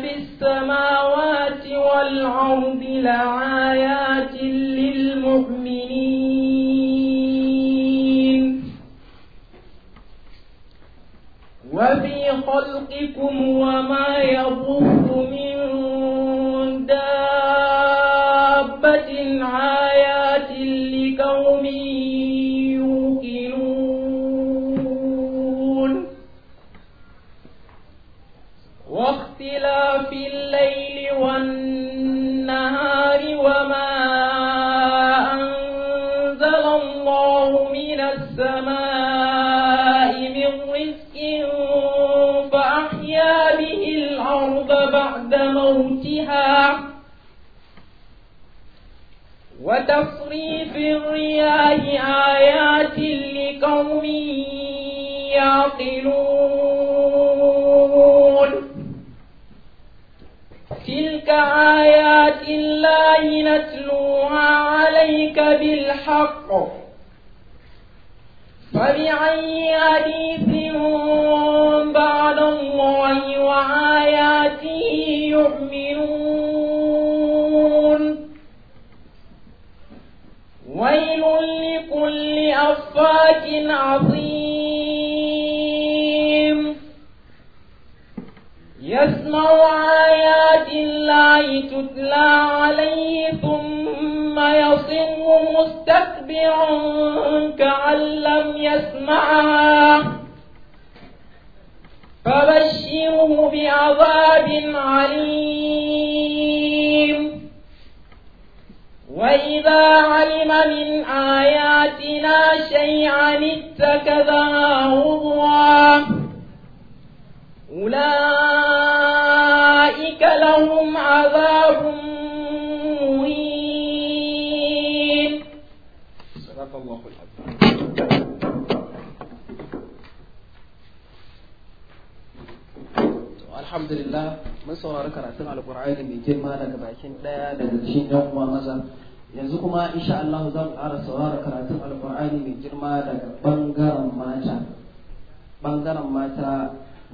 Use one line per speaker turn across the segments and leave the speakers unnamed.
في السماوات والأرض لآيات للمؤمنين وفي خلقكم وما يضر وتصريف الرياح آيات لقوم يعقلون تلك آيات الله نتلوها عليك بالحق فبأي حديث بعد الله وعاد ويل لكل أفاك عظيم يسمع آيات الله تتلى عليه ثم يصم مستكبرا كأن لم يسمعها فبشره بعذاب عليم وإذا علم من آياتنا شيئا اتخذها هضوا أولئك لهم عذاب مهين
صدق الله العظيم الحمد لله من سورة ركرة سنة القرآن من جمالة بعشين لا لا تشين يوم ومزن yanzu kuma insha Allah zan fara sauraron saurara karatun alƙur'ani mai girma daga bangaren mata bangaren mata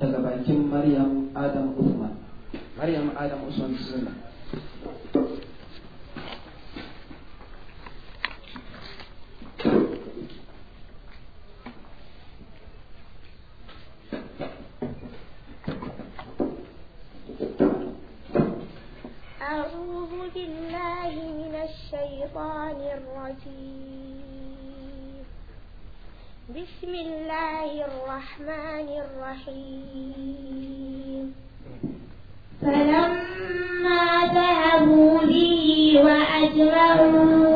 daga bakin Maryam Adam Usman Maryam Adam Usman suna
أعوذ بالله الشيطان الرجيم بسم الله الرحمن الرحيم فلما ذهبوا لي وأجمعوا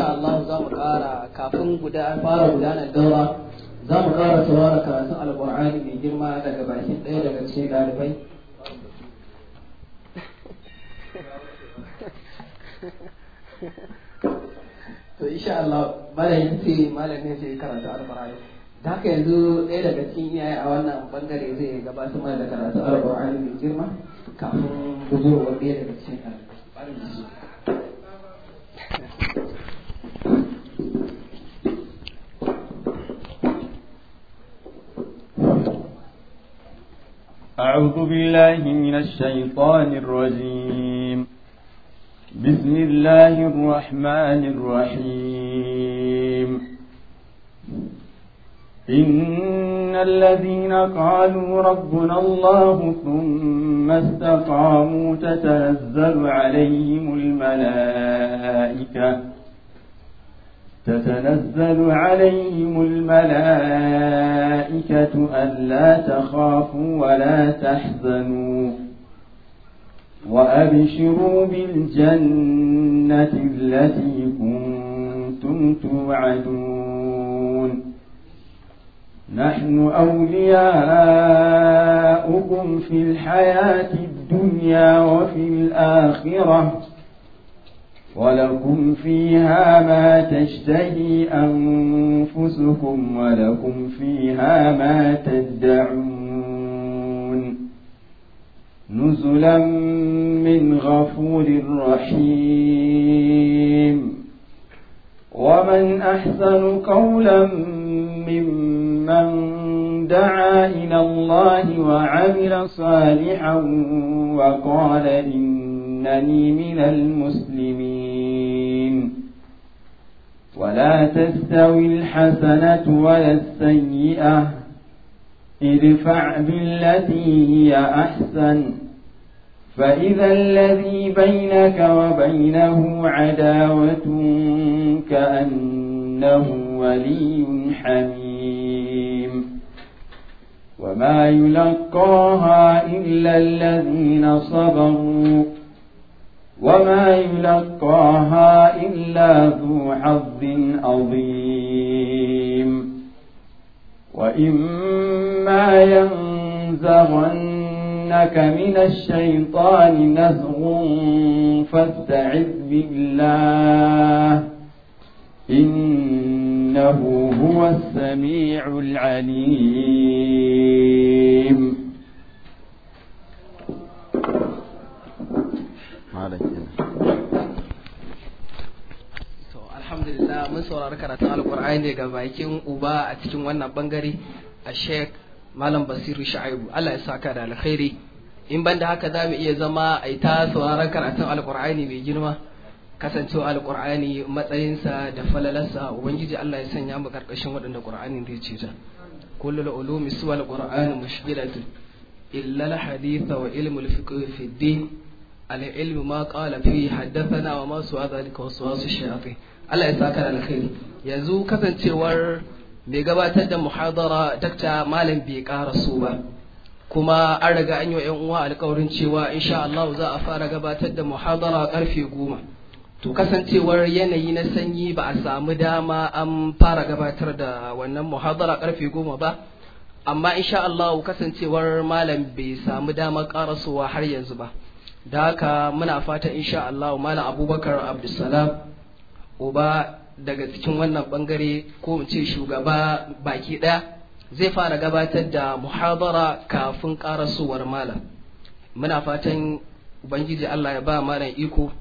insha Allah za mu ƙara kafin guda fara gudanar dawa za mu ƙara saurara karatun alƙur'ani mai girma daga bakin ɗaya daga cikin ɗalibai to insha Allah malamin sai malamin karatu alƙur'ani da haka yanzu ɗaya daga cikin iyaye a wannan bangare zai gabata mana da karatu alƙur'ani mai girma kafin gujewar ɗaya daga cikin ɗalibai
أعوذ بالله من الشيطان الرجيم بسم الله الرحمن الرحيم إن الذين قالوا ربنا الله ثم استقاموا تتنزل عليهم الملائكة تتنزل عليهم الملائكة ألا تخافوا ولا تحزنوا وأبشروا بالجنة التي كنتم توعدون نحن أولياؤكم في الحياة الدنيا وفي الآخرة ولكم فيها ما تشتهي أنفسكم ولكم فيها ما تدعون نزلا من غفور رحيم ومن أحسن قولا ممن دعا إلى الله وعمل صالحا وقال إنني من المسلمين ولا تستوي الحسنة ولا السيئة ادفع بالتي هي أحسن فإذا الذي بينك وبينه عداوة كأنه ولي حميم وما يلقاها إلا الذين صبروا وما يلقاها إلا ذو حظ عظيم وإما ينزغنك من الشيطان نزغ فاستعذ بالله إنه هو السميع العليم
saurari karatun alkur'ani ga bakin uba a cikin wannan bangare a sheik malam basiru sha'ibu allah ya saka da alkhairi in banda haka za mu iya zama a yi ta sauraron karatun alkur'ani mai girma kasancewa alkur'ani matsayinsa da falalarsa ubangiji allah ya sanya mu karkashin waɗanda qur'ani zai ce ta kullul ulumi suwa alqur'ani mushkilatun illa alhadith wa ilmul fiqh fi din العلم ما قال فيه حدثنا وما سوى ذلك وسواس الشياطين Allah ya saka da alkhairi yanzu kasancewar mai gabatar da muhadara dakta malam bai ƙara so ba kuma an riga an yi wa 'yan uwa alkawarin cewa insha Allah za a fara gabatar da muhadara karfe goma to kasancewar yanayi na sanyi ba a samu dama an fara gabatar da wannan muhadara karfe goma ba amma insha Allah kasancewar malam bai samu dama karasowa har yanzu ba da haka muna fata insha Allah malam abubakar abdulsalam uba daga cikin wannan bangare ko mu ce shugaba baki ɗaya zai fara gabatar da muhabara kafin karasowar malam muna fatan ubangiji Allah ya ba malam iko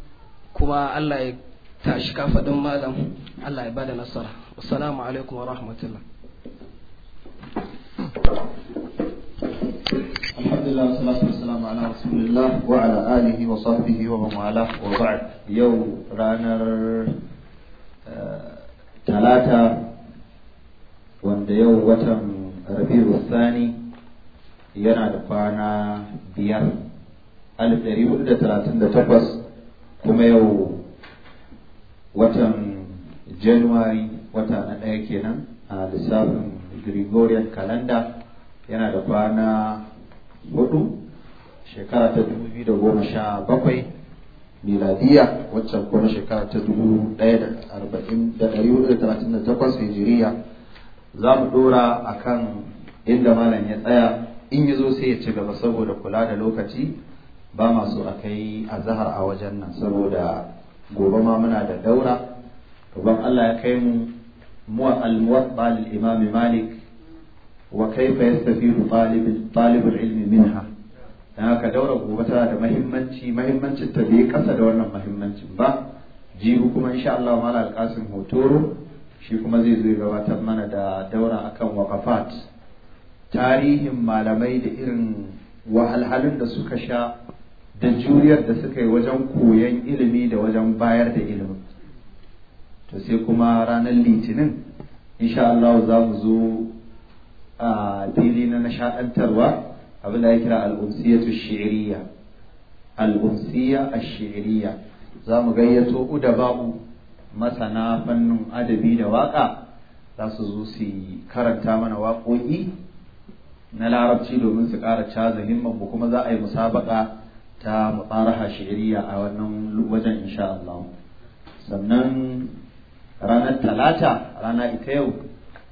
kuma Allah ya tashi kafadin malam Allah ya ba da nasara assalamu alaikum wa rahmatullah
alhamdulillah wa wa wa yau ranar talata wanda yau watan rabi'u sani yana da kwana biyar alif ɗari hudu da talatin da takwas kuma yau watan januwari wata na ɗaya kenan a lissafin gregorian calendar yana da kwana hudu shekara ta dubu biyu da goma sha bakwai miladiya waccan kuma shekara ta dubu ɗaya da arba'in da ɗari hudu da talatin da takwas hijiriya za mu ɗora a kan inda malam ya tsaya in ya zo sai ya ci gaba saboda kula da lokaci ba masu a kai a a wajen nan saboda gobe ma muna da daura ban Allah ya kai mu muwa al-muwatta imam malik wa kaifa yastafidu talib ilmi minha don haka daura gobe tana da mahimmanci mahimmancin ta bai kasa da wannan mahimmancin ba jibi kuma insha Allah mala alkasin hotoro shi kuma zai zo gabatar mana da daura akan wakafat tarihin malamai da irin wahalhalun da suka sha da juriyar da suka yi wajen koyon ilimi da wajen bayar da ilimi to sai kuma ranar litinin insha Allah za mu zo a ah, fili na nishaɗantarwa abin da ya kira al'umsiyatu shi'iriya al'umsiya ash-shi'iriya za mu gayyato udaba'u masana fannin adabi da waƙa za su zo su karanta mana waƙoƙi na larabci domin su ƙara caza himmar mu kuma za a yi musabaka ta mutsaraha shi'iriya a wannan wajen insha Allah sannan ranar talata rana ita yau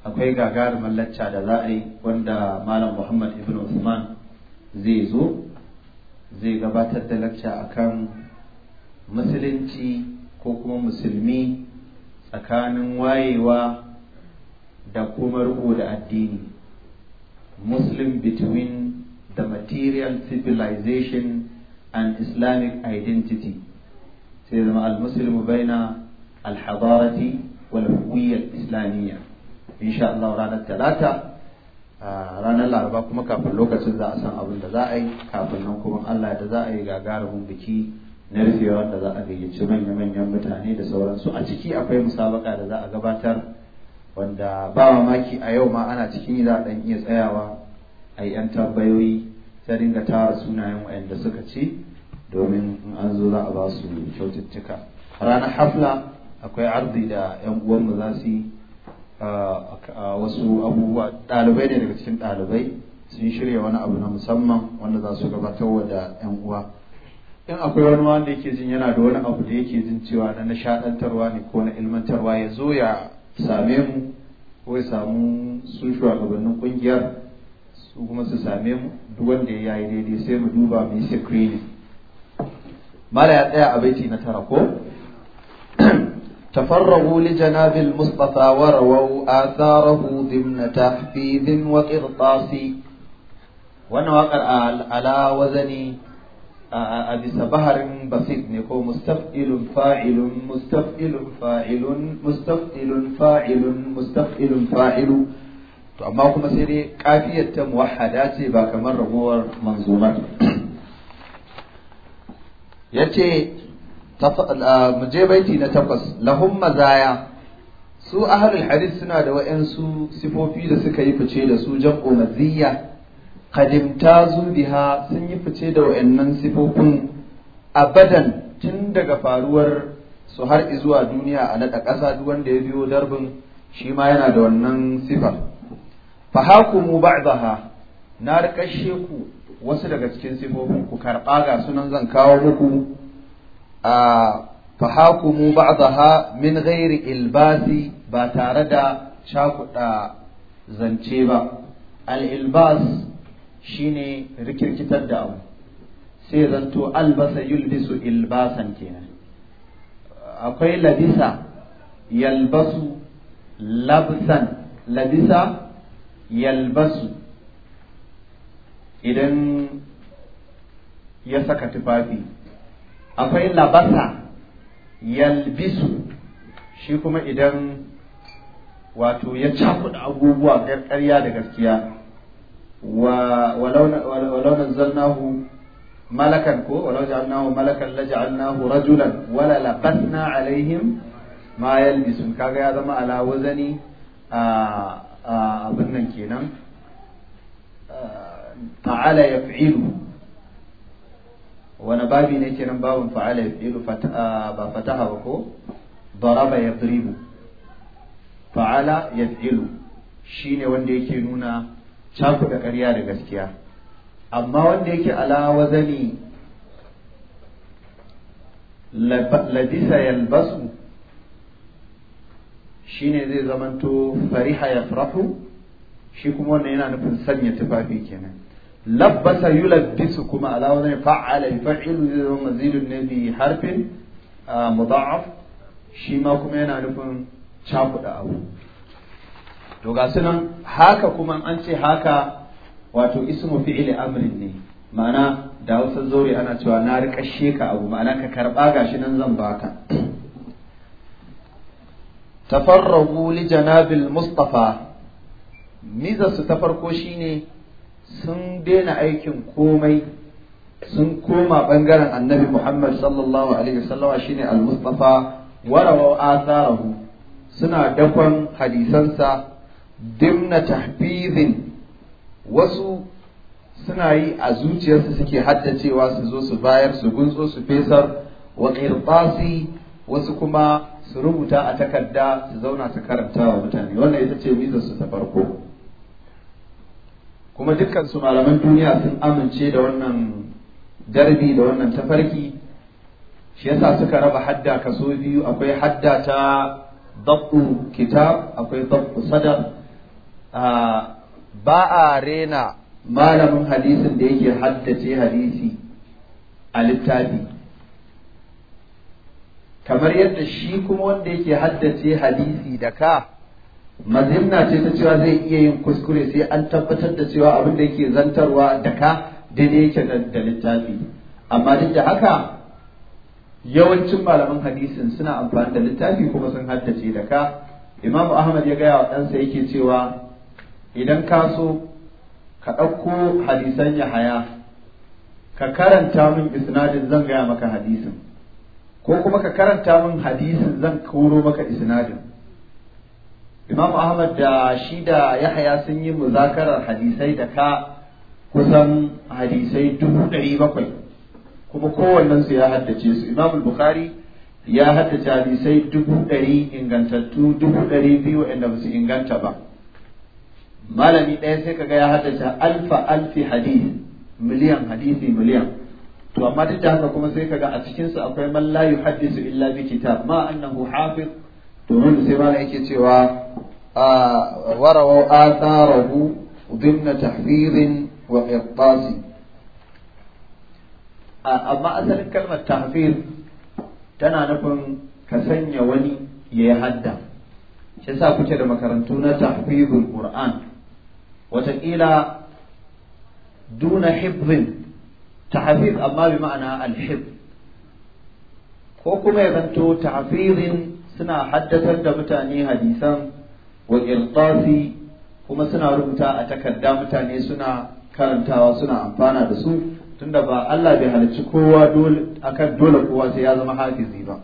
akwai gagarumar lacca da za a yi wanda malam muhammad ibn usman zai zo zai gabatar da lacca akan musulunci ko kuma musulmi tsakanin wayewa da kuma riko da addini muslim between the material civilization and islamic identity sai zama al-muslimu baina al-hadarati wal al-islamiyya insha Allah ranar talata ranar laraba kuma kafin lokacin za a san abin da za a yi kafin nan kuma allah da za a yi gagarumin biki na rufe wanda za a gayyaci manya-manyan mutane da sauransu a ciki akwai musabaka da za a gabatar wanda ba mamaki a yau ma ana cikin za a ɗan iya tsayawa a yi 'yan tambayoyi ta dinga tara sunayen waɗanda suka ci domin in an zo za a ba su kyaututtuka ranar hafla akwai arzi da 'yan uwanmu za su yi wasu abubuwa ɗalibai ne daga cikin ɗalibai sun shirya wani abu na musamman wanda za su gabatar wa da 'yan uwa in akwai wani wanda yake jin yana da wani abu da yake jin cewa na nishaɗantarwa ne ko na ilmantarwa ya zo ya same mu ko ya samu su shugabannin ƙungiyar su kuma su same mu duk wanda ya yi daidai sai mu duba mu yi sikrini mala ya tsaya a baiti na tara ko تفرغوا لجناب المصطفى ورووا آثاره ضمن تحفيذ وقرطاس wannan waƙar ala wazani a bisa baharin basit ne ko mustaf'ilun fa'ilun mustaf'ilun fa'ilun mustaf'ilun fa'ilun fa'ilu to amma kuma sai dai kafiyar ta muwahhada ce ba kamar ragowar manzumar yace mu baiti na takwas lahum mazaya su ahlul hadith suna da wa'ansu sifofi da suka yi fice da su jam'u maziyya qadimta zu biha sun yi fice da wa'annan sifofin abadan tun daga faruwar su har zuwa duniya a naɗa ƙasa duk wanda ya biyo darbin shi ma yana da wannan sifar fa hakumu ba'daha na rikashe ku wasu daga cikin sifofin ku karɓa ga sunan zan kawo muku fahakumu ba'daha min gairi ilbasi ba tare da
cakuɗa
zance ba al-ilbas shine rikirkitar da abu sai zanto albasa yulbisu ilbasan kenan akwai labisa yalbasu labsan labisa yalbasu idan ya saka tufafi akwai labasa yalbisu shi kuma idan wato ya cakuɗa abubuwa ƙarya da gaskiya wa launin zannahu malakan ko walau ja'alnahu malakan la ja'alnahu rajulan wala labasna alaihim ma yalbisun kaga ya zama ala wazani a abin nan kenan ta'ala yaf'ilu wani babi ne kenan babin fa'ala yaf'ilu ba fataha ba ko daraba yadribu fa'ala shi ne wanda yake nuna da ƙarya da gaskiya amma wanda yake ala wazani labisa yalbasu ne zai zamanto fariha ya farafu shi kuma wannan yana nufin sanya tufafi kenan labbasa yulabbisu kuma ala wazan fa'ala yufa'ilu zai zama mazidun ne bi harfin mudha'af shi ma kuma yana nufin cakuɗa abu to ga sunan haka kuma an ce haka wato ismu fi'ili amrin ne ma'ana da hausa zaure ana cewa na riƙa ka abu ma'ana ka karɓa gashi nan zan baka tafarragu li janabil mustafa miza su ta farko shine sun daina aikin komai sun koma ɓangaren annabi Muhammad sallallahu alaihi wasallama shine al-Mustafa warawa atharahu suna dakon hadisansa dimna tahfizin wasu suna yi a zuciyarsu suke haddacewa su zo su bayar su gunso su fesar wa wasu kuma su rubuta a takarda su zauna su karanta wa mutane wannan ita ce mizar su ta farko kuma dukkan su malaman duniya sun amince da wannan darbi da wannan tafarki shi yasa suka raba hadda kaso biyu akwai hadda ta dabbu kitab akwai dabbu sadar ba a rena malamin hadisin da yake haddace hadisi a littafi kamar yadda shi kuma wanda yake haddace hadisi da ka mazhimna ce ta cewa zai iya yin kuskure sai an tabbatar da cewa abin da yake zantarwa da ka daidai yake da littafi amma duk da haka yawancin malaman hadisin suna amfani da littafi kuma sun haddace da ka imamu ahmad ya gaya wa ɗansa yake cewa idan ka so ka ɗauko hadisan yahaya ka karanta min isnadin zan gaya maka hadisin ko kuma ka karanta min hadisin zan koro maka isnadin imam ahmad da shi da yahaya sun yi muzakarar hadisai da ka kusan hadisai dubu ɗari bakwai kuma su ya haddace su imam bukhari ya haddace hadisai dubu ɗari ingantattu dubu ɗari biyu inda ba su inganta ba malami ɗaya sai kaga ya haddace alfa alfi hadisi miliyan hadisi miliyan to amma duk da haka kuma sai kaga a cikinsu akwai man la yuhaddisu illa bi kitab ma annahu hafiz domin sai malami yake cewa ورووا آثاره ضمن تحفيظ وإرطاس أما أثر كلمة تحفيظ تنا نكون كسنيا وني يهدى شسا كتير مكرنتونا تحفيظ القرآن وتقيل دون حفظ تحفيظ أما بمعنى الحفظ ko kuma ya zanto tahfizin suna haddatar da mutane hadisan والإلقافي كما سنا رمتا أتكد دامتان يسنا كان تاوى سنا أمبانا دسو تندبا ألا بها تشكوا دول أكد دول قوة سيادة محاكي زيبا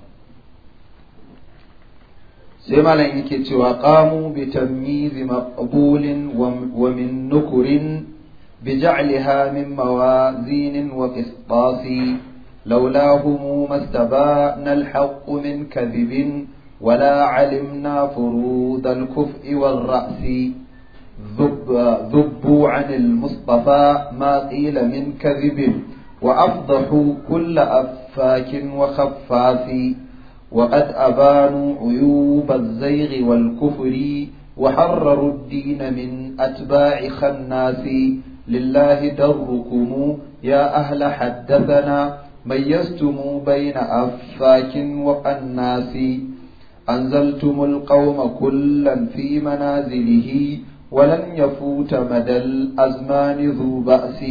سيما لإنك تواقاموا بتمييز مقبول ومن نكر بجعلها من موازين وقسطاس لولاهم ما استبان الحق من كذب ولا علمنا فروض الكفء والرأس ذبوا عن المصطفى ما قيل من كذب وأفضحوا كل أفاك وخفاف وقد أبانوا عيوب الزيغ والكفر وحرروا الدين من أتباع خناس لله دركم يا أهل حدثنا ميزتم بين أفاك وأناس أنزلتم القوم كلا في منازله ولن يفوت مدى الأزمان ذو بأس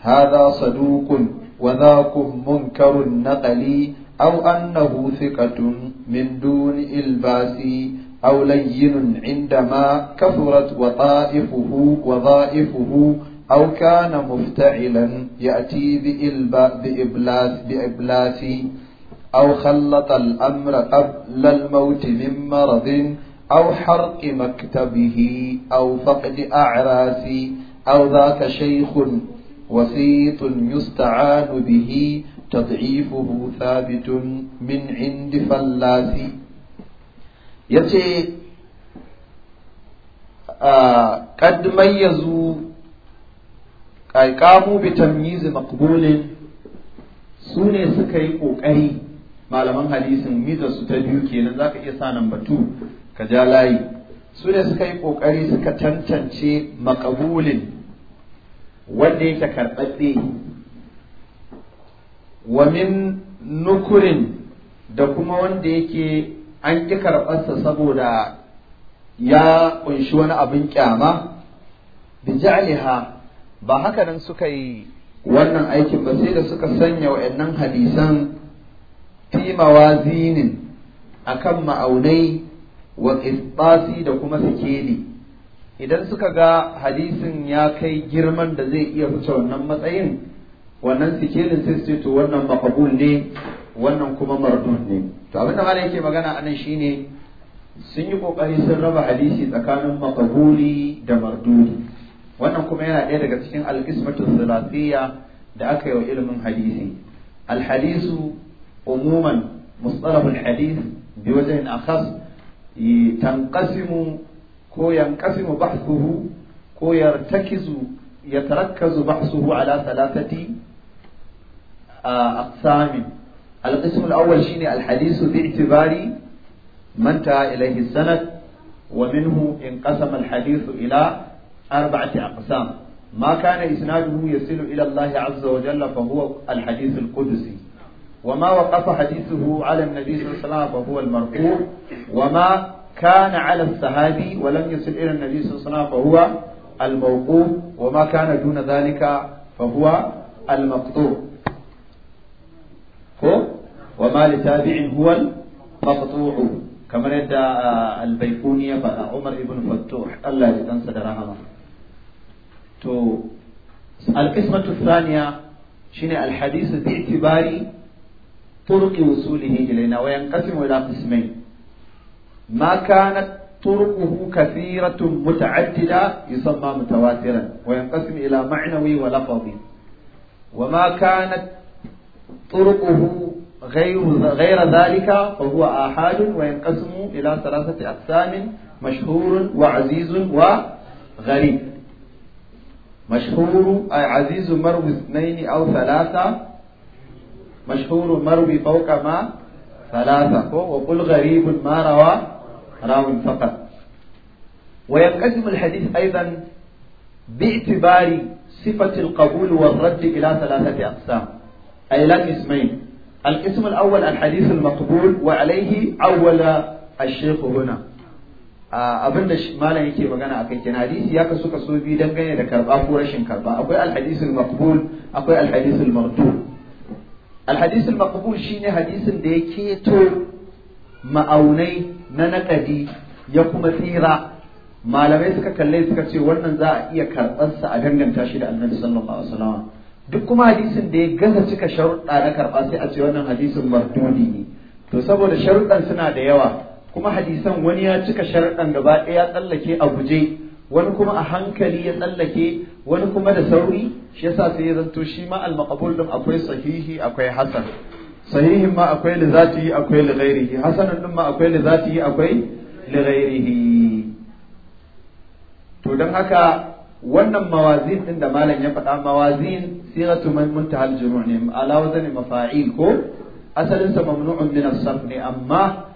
هذا صدوق وذاكم منكر النقل أو أنه ثقة من دون إلباس أو لين عندما كثرت وطائفه وظائفه أو كان مفتعلا يأتي بإبلاس بإبلاس أو خلط الأمر قبل الموت من مرض أو حرق مكتبه أو فقد أعراس أو ذاك شيخ وسيط يستعان به تضعيفه ثابت من عند فلاس يتي آه قد ميزوا أي قاموا بتمييز مقبول سوني سكي قوقعي malaman hadisin miza su ta biyu kenan zaka iya sa number 2 ka ja layi su ne suka yi kokari suka tantance makabulin wanda yake karɓaɗɗe wa min nukurin da kuma wanda yake an ƙi karɓarsa saboda ya ƙunshi wani abin ƙyama bija'liha ba haka nan suka yi wannan aikin ba sai da suka sanya wa'annan hadisan fi mawazinin akan ma'aunai wa isbasi da kuma sikeli idan suka ga hadisin ya kai girman da zai iya fice wannan matsayin wannan sikelin sai su to wannan maqbul ne wannan kuma mardun ne to abin da yake magana anan shine sun yi kokari sun raba hadisi tsakanin makabuli da mardudi wannan kuma yana ɗaya daga cikin alqismatu thalathiyya da aka yi wa ilimin hadisi alhadisu عموما مصطلح الحديث بوجه أخص تنقسم كو ينقسم بحثه كو يرتكز يتركز بحثه على ثلاثة آه، أقسام القسم الأول شيني الحديث باعتبار ما انتهى إليه السند ومنه انقسم الحديث إلى أربعة أقسام ما كان إسناده يصل إلى الله عز وجل فهو الحديث القدسي وما وقف حديثه على النبي صلى الله عليه وسلم فهو المرفوع وما كان على الصحابي ولم يصل إلى النبي صلى الله عليه وسلم فهو الموقوف وما كان دون ذلك فهو المقطوع وما لتابع هو المقطوع كما آه، البيكوني بن عمر بن فتوح الله تنسى درهما تو القسمة الثانية شنو الحديث باعتبار طرق وصوله إلينا وينقسم إلى قسمين ما كانت طرقه كثيرة متعددة يسمى متواترا وينقسم إلى معنوي ولفظي وما كانت طرقه غير غير ذلك فهو آحاد وينقسم إلى ثلاثة أقسام مشهور وعزيز وغريب مشهور أي عزيز مروي اثنين أو ثلاثة مشهور مروي فوق ما ثلاثة وقل غريب ما روى راو فقط وينقسم الحديث أيضا باعتبار صفة القبول والرد إلى ثلاثة أقسام أي لا قسمين القسم الأول الحديث المقبول وعليه أول الشيخ هنا abin da malam yake magana a kai hadisi ya kasu kaso biyu dangane da karba ko rashin karba akwai alhadisul maqbul akwai alhadisul mardud alhadisin maqbul shine hadisin da ya keto ma'aunai na naƙadi ya kuma tsira malamai suka kalle suka ce wannan za a iya karɓarsa a danganta shi da annabi sallallahu alaihi duk kuma hadisin da ya gaza cika sharuɗa na karɓa sai a ce wannan hadisin mardudi ne to saboda sharuɗan suna da yawa kuma hadisan wani ya cika sharuɗan gaba ɗaya ya tsallake a guje wani kuma a hankali ya tsallake wani kuma da sauri shi yasa sai ya zanto shi ma al-maqbul din akwai sahihi akwai hasan sahihin ma akwai li zatihi akwai li ghairihi hasanan din ma akwai li zatihi akwai li ghairihi to dan haka wannan mawazin din da malam ya faɗa mawazin siratu man muntahal jumu'ni ala wazani mafa'il ko asalin sa mamnu'un min as-sarf ne amma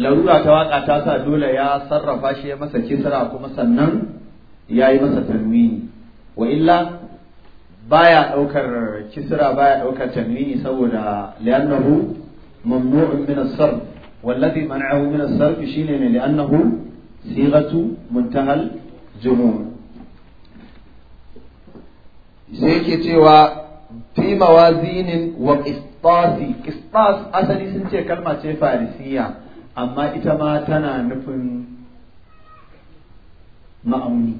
larura ta waka ta sa dole ya sarrafa shi ya masa kisra kuma sannan ya yi masa tanwini wa illa baya daukar kisra baya daukar tanwini saboda li'annahu mamnu'un min as-sarf والذي منعه من الصرف شينين لأنه صيغة منتهى الجموع ke cewa fi mawazinin wa qistas qistas asali sun ce kalma ce farisiya amma ita ma tana nufin ma'auni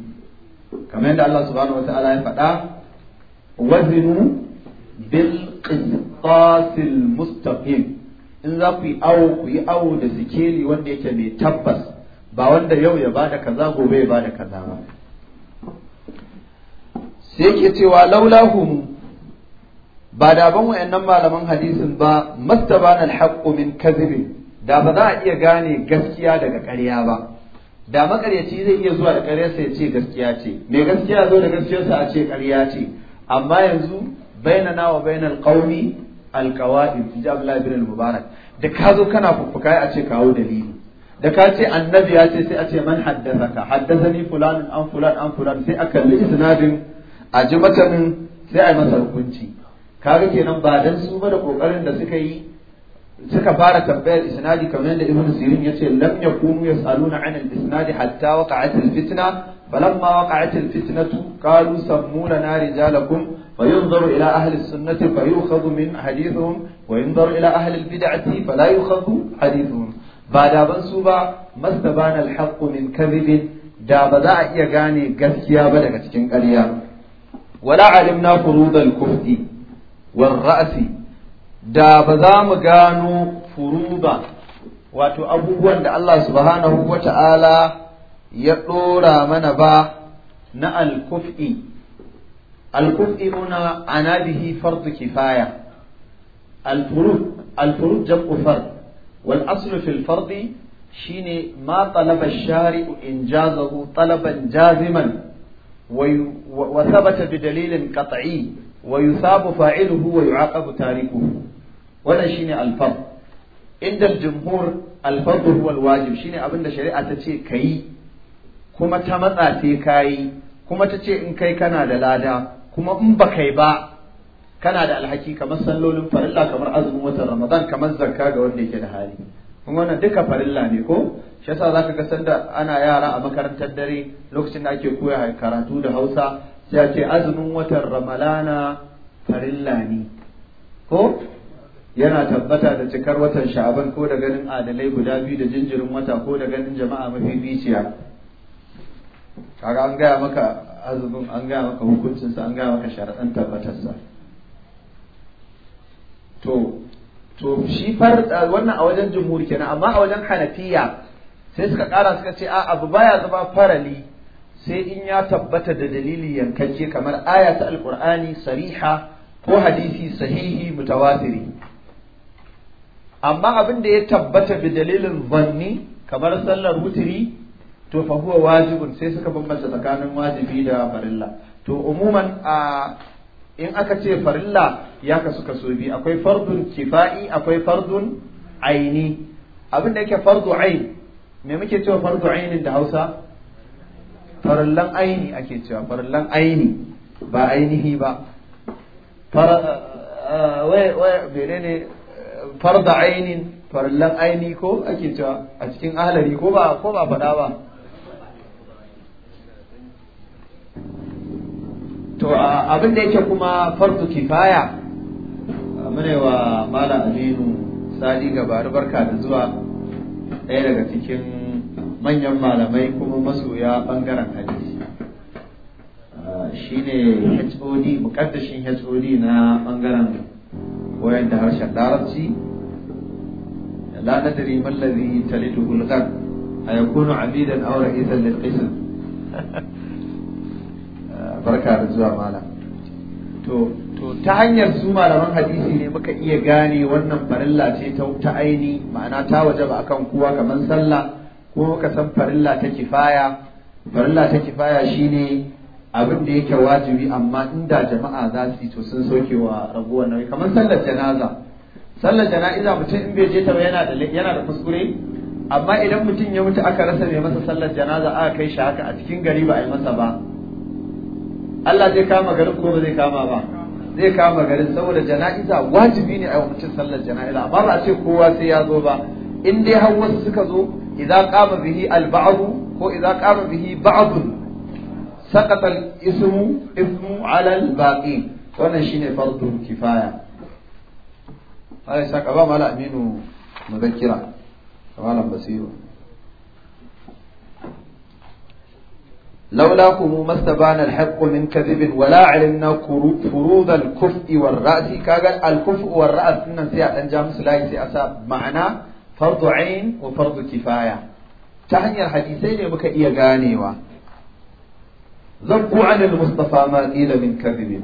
kamar yadda Allah subhanahu wa ta'ala ya faɗa wazinu bil qasil mustaqim in za ku yi awo ku yi awo da zikiri wanda yake mai tabbas ba wanda yau ya bada kaza gobe ya bada kaza ba sai yake cewa laulahu ba da ban wayannan malaman hadisin ba mastabana alhaqqu min kadhibin da ba za a iya gane gaskiya daga ƙarya ba da makaryaci zai iya zuwa da ƙaryarsa ya ce gaskiya ce mai gaskiya zo da gaskiyarsa a ce ƙarya ce amma yanzu bayyana nawa bayyana alƙawmi alqawaid in ji Abdullahi bin Mubarak da ka zo kana fuffuka a ce kawo dalili da ka ce annabi ya ce sai a ce man ka. haddasa ni fulan an fulan an fulan sai a kalli isnadin a ji sai a yi masa hukunci kaga kenan ba dan su ba da kokarin da suka yi suka fara tambayar isnadi kamar yadda ibn sirin yace lam yakunu yasaluna an al-isnadi hatta waqa'at al-fitna falamma waqa'at al-fitnatu qalu sammuna rijalakum فينظر إلى أهل السنة فيؤخذ من حديثهم وينظر إلى أهل البدعة فلا يؤخذ حديثهم بعد بنسوبا ما استبان الحق من كذب دا بدا يغاني غسيا بدا cikin ƙarya ولا علمنا فروض الكفر والرأس da ba za mu gano furuba wato abubuwan da Allah subhanahu wata'ala ya ɗora mana ba na alkuf'i alkuf'i muna ana bihi fardu kifaya alfurud jam'u fard wal aslu fil fardi shine ma talaba shari'u injazahu talaban jaziman wa thabata bi dalilin qat'i wa yusabu fa'iluhu wa yu'aqabu tarikuhu wannan shine alfar inda jumhur alfar huwa alwajib shine abin da shari'a ta ce kai kuma ta matsa sai kai kuma ta ce in kai kana da lada kuma in ba kai ba kana da alhaki kamar sallolin farilla kamar azumin watan ramadan kamar zakka ga wanda yake da hali kuma wannan duka farilla ne ko shi yasa zaka ga sanda ana yara a makarantar dare lokacin da ake koya karatu da Hausa sai a ce azumin watan ramalana farilla ne ko yana tabbata da cikar watan sha'aban ko da ganin adalai guda biyu da jinjirin wata ko da ganin jama'a mafi biciya kaga an gaya maka azumin an gaya maka hukuncinsa an gaya maka sharaɗin tabbatarsa to to shi far wannan a wajen jumhur kenan amma a wajen hanafiya sai suka ƙara suka ce a abu baya zama farali sai in ya tabbata da dalili yankacce kamar aya alqur'ani sariha ko hadisi sahihi mutawatiri amma abin da ya tabbata bi dalilin zanni kamar sallar wutiri to fa huwa wajibun sai suka bambanta tsakanin wajibi da farilla to umuman a in aka ce farilla ya kasu kaso bi akwai fardun kifa'i akwai fardun aini abin da yake fardu aini me muke cewa fardu aini da Hausa farallan aini ake cewa farallan aini ba ainihi ba Fara... wai wai menene farda ainin farallan aini ko ake cewa a cikin ahalari ko ba ko ba faɗa ba to abin da yake kuma fardu kifaya mune wa mala aminu sadi gaba barka da zuwa ɗaya daga cikin manyan malamai kuma masoya ɓangaren hadisi shine hod mukaddashin hod na ɓangaren وعندها شدارتي لا ندري ما الذي تلده الغد أيكون عبيدا أو رئيسا للقسم آه، بركة رزوة مالا تو تو تعني الزوما لمن حديثي لي بك إيغاني ونم برلا تي تو تعيني معنا تا وجب أكون قوة كمن صلى قوة كسب برلا تكفايا برلا تكفايا شيني abin da yake wajibi amma inda jama'a za su yi to sun soke wa raguwar nauyi kamar sallar janaza sallar jana'iza mutum in bai je ta yana da yana da kuskure amma idan mutum ya mutu aka rasa mai masa sallar janaza aka kai shi haka a cikin gari ba a yi masa ba Allah zai kama garin ko ba zai kama ba zai kama garin saboda jana'iza wajibi ne a yi mutum sallar jana'iza amma ba a ce kowa sai ya zo ba in dai har wasu suka zo idan qama bihi al ko idan qama bihi ba'dun سقط الاسم اسم على الباقي وانا شيني فرض كفاية هاي ساق أبا مالا أمين مذكرة مالا بصير لولاكم ما استبان الحق من كذب ولا علمنا فروض الكفء والرأس كاغا الكفء والرأس إن سيا أنجام سلاي سيأسا معنى فرض عين وفرض كفاية تحني الحديثين يبكى إيغاني an al mustafa ma ila min kadhib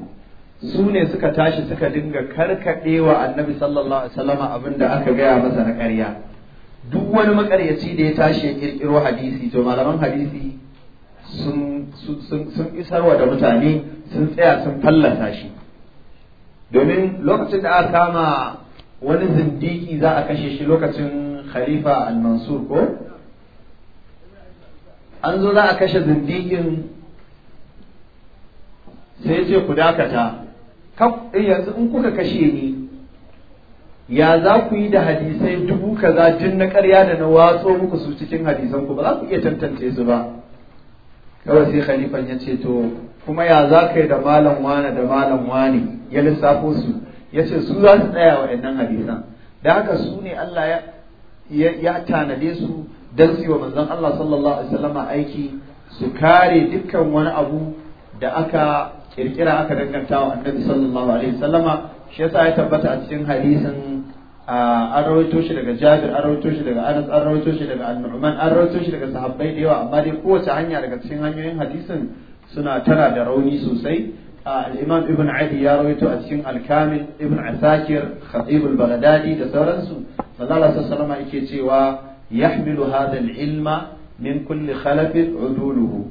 su ne suka tashi suka dinga karkadewa annabi sallallahu alaihi wasallam abinda aka gaya masa na ƙarya duk wani makaryaci da ya tashi ya kirkiro hadisi to malaman hadisi sun sun isarwa da mutane sun tsaya sun fallasa shi domin lokacin da aka kama wani zindiki za a kashe shi lokacin khalifa al-mansur ko an zo za a kashe zindikin sai ce ku dakata eh, yanzu in kuka kashe ni ya za ku yi da hadisai dubu kaza tun na ƙarya da na watso muku su cikin hadisan ku ba za ku iya tantance su ba kawai sai khalifan ya ce to kuma ya za ka yi da malam wane da malam wane ya lissafo su ya ce su za su tsaya waɗannan hadisan da haka su ne Allah ya tanade su dan su wa manzon Allah sallallahu alaihi wasallama aiki su kare dukkan wani abu da aka kirkira aka danganta wa annabi sallallahu alaihi wasallama shi yasa ya tabbata a cikin hadisin
an rawaito shi daga Jabir an rawaito shi daga Anas an rawaito shi daga An-Nu'man an rawaito shi daga sahabbai da yawa
amma dai kowace hanya daga cikin hanyoyin hadisin suna tara da rauni sosai al-Imam Ibn Adi ya rawaito a cikin Al-Kamil Ibn Asakir Khatib al-Baghdadi da sauransu sallallahu alaihi wasallam yake cewa yahmilu hadha al-ilma min kulli khalafin uduluhu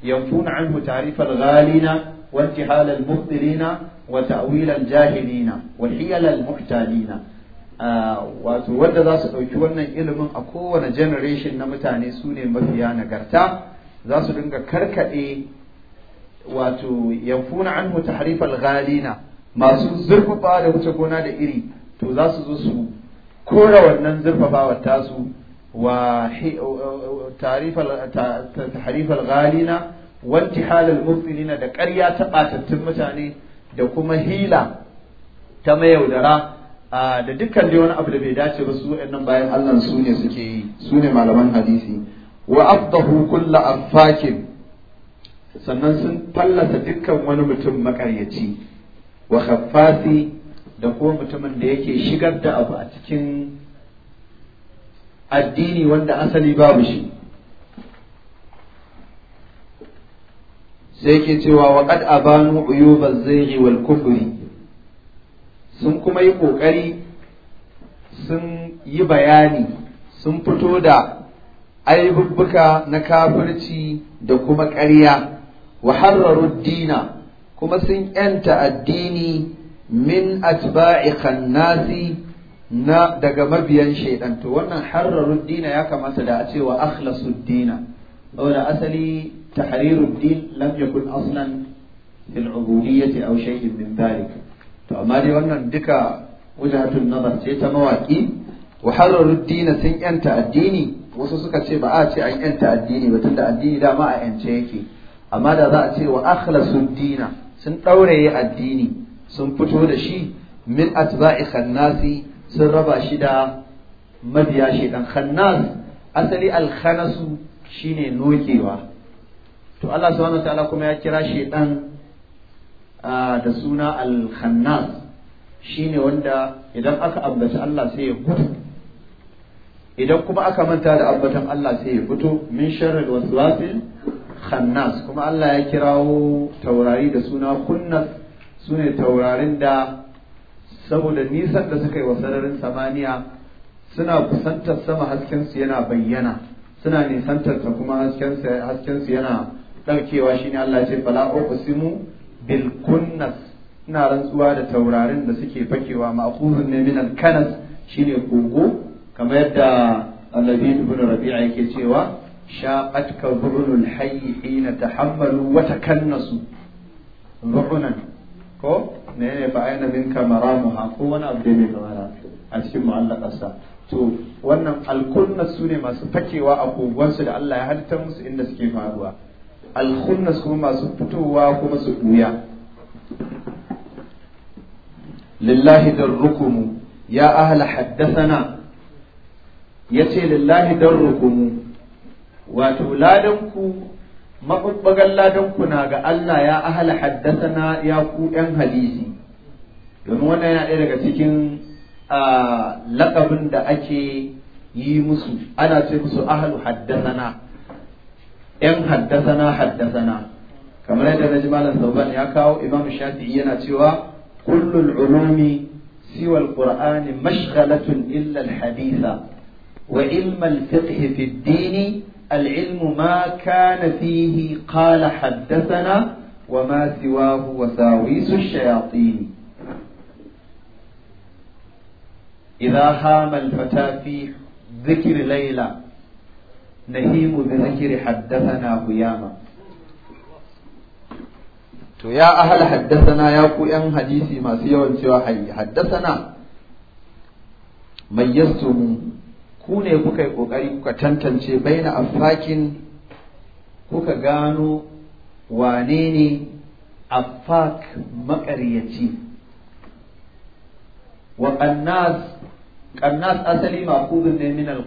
yanfuna anhu ta'rif al-ghalina وانتحال المبطلين وتأويل الجاهلين وحيل المحتالين wato wanda za su ɗauki wannan ilimin a kowane generation na mutane su ne mafiya nagarta za su dinga karkaɗe wato yamfuna an tahrifal ghalina masu zurfafa da wuce gona da iri to za su zo su kora wannan zurfafawar tasu wa tahrifal ghalina Wanti وانتحال da ƙarya ta ɓatattun mutane da kuma hila ta mayaudara da dukkan dai wani abu da bai dace ba su nan bayan Allah su ne suke yi su ne malaman hadisi wa afdahu kulla affakin sannan sun fallasa dukkan wani mutum makaryaci wa khaffasi da kuma mutumin da yake shigar da abu a cikin addini wanda asali babu shi sai yake cewa wa qad abanu az zai wal kufri sun kuma yi kokari sun yi bayani sun fito da aibubbuka na kafirci da kuma ƙarya wa harraru dina kuma sun yanta addini min atba'i khannasi na daga mabiyan shaidan to wannan harraru dina ya kamata da a ce wa akhlasu dina saboda asali تحرير الدين لم يكن أصلا في العبودية أو شيء من ذلك amma دي wannan duka wajhatul nazar ce ta mawaki wa hararu dina sun yanta addini wasu suka ce ba a ce an yanta addini ba tunda addini dama a yance yake amma da za a ce wa akhlasu dina sun dauraye addini sun fito da shi min atba'i khannasi sun raba shi da mabiya Dan khannas asali al khanasu shine nokewa to Allah subhanahu ta'ala kuma ya kira shedan da suna al-khannas shine wanda idan aka ambaci Allah sai ya gudu idan kuma aka manta da ambatan Allah sai ya fito min sharri waswasi khannas kuma Allah ya kirawo taurari da suna kunnas sune taurarin da saboda nisan da suka yi wa sararin samaniya suna kusantar sama hasken su yana bayyana suna nisantar kuma hasken su yana daukewa shine Allah ce Bala uqsimu bil kunnas ina rantsuwa da taurarin da suke fakewa ma'khuzun ne min al kanas shine kogo kamar yadda annabi ibn rabi'a yake cewa shaqat ka dhurunul hayy hina tahammalu wa takannasu dhurunan ko ne ne fa aina min ha ko wani abu ne kamar a cikin mu'allaqasa to wannan alkunna su ne masu fakewa a kogonsu da Allah ya halitta musu inda suke faruwa alkhunnas kuma masu fitowa kuma su buya lillahi darrukumu ya ahla haddathana yace lillahi darrukumu wato ladanku mabubbagan ladanku na ga Allah ya ahla haddathana ya ku yan hadisi domin wannan yana ɗaya daga cikin lakabin da ake yi musu ana ce musu ahlu haddathana yan haddasana haddasana kamar yadda na ji malam sauban ya kawo imam shafi'i yana cewa kullul ulumi siwa alqur'ani mashghalatun illa alhaditha wa ilm alfiqh fi ad-din العلم ما كان فيه قال حدثنا وما سواه وساويس الشياطين إذا هام الفتى في ذكر ليلى nahimu bi zikri haddathana qiyama to ya ahal haddathana ya ku yan hadisi masu yawan cewa mai mayyastumu ku ne kuka yi ƙoƙari kuka tantance baina affakin kuka gano wane ne affak makaryaci. wa qannas asali maqubun ne min al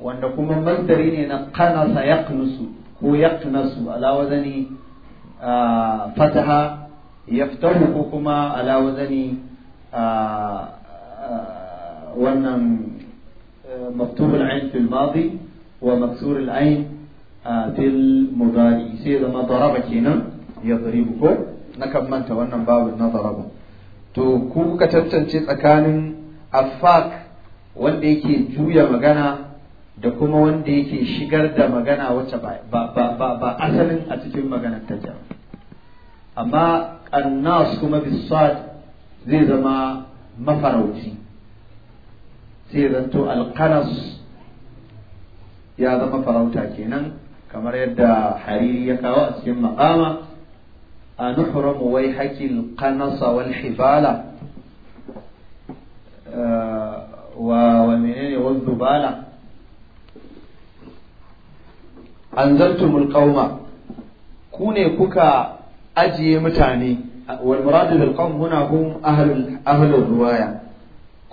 wanda kuma masdari ne na qanasa yaqnusu ko yaqnasu ala wazani fataha yaftahu ko kuma ala wazani wannan مفتوح العين في sai ومكسور العين kenan ya سيدا ko na kan manta wannan من na باب To تو كوكا تتنشي تكان الفاك wanda yake juya magana da kuma wanda yake shigar da magana wacce ba asalin a cikin maganar ta ba amma annas kuma bisad zai zama mafarauci sai zanto ya zama farauta kenan kamar yadda hariri ya kawo a cikin maqama a nuhramu wai haƙil qanasa wal hibala uh, wa menene wanzubala anzaltumul qauma ku ne kuka ajiye mutane wal muradu bil qaum huna hum ahlul ahlur ruwaya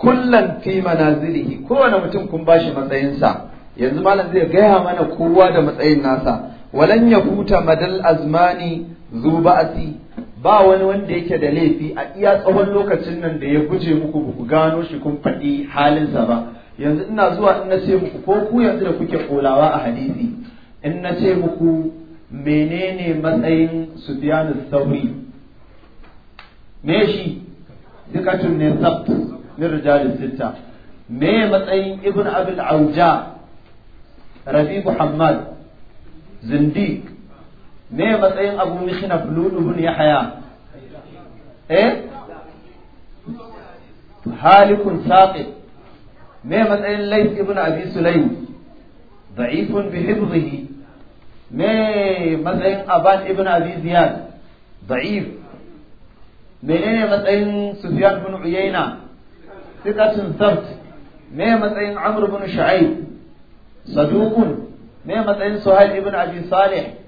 kullan fi manazilihi kowane mutum kun bashi matsayinsa yanzu malam zai gaya mana kowa da matsayin nasa walan huta madal azmani zuba'ati ba wani wanda yake da laifi a iya tsawon lokacin nan da ya guje muku ku gano shi kun faɗi halinsa ba yanzu ina zuwa in na ce muku ko ku yanzu da kuke kolawa a hadisi in na ce muku menene matsayin Sufyan sauri me shi dukatun ne sabt min rijal sitta me matsayin Ibn Abi auja Rabi Muhammad Zindiq me matsayin Abu Mikhnaf Lulu ibn Yahya eh halikun saqit me matsayin Layth ibn Abi Sulaym ضعيف بحفظه me matsayin aban ibn abi ziyad da'if menene matsayin sufyan bin uyayna thiqatun sabt me matsayin amr bin shu'aib Sadukun? me matsayin suhail ibn abi salih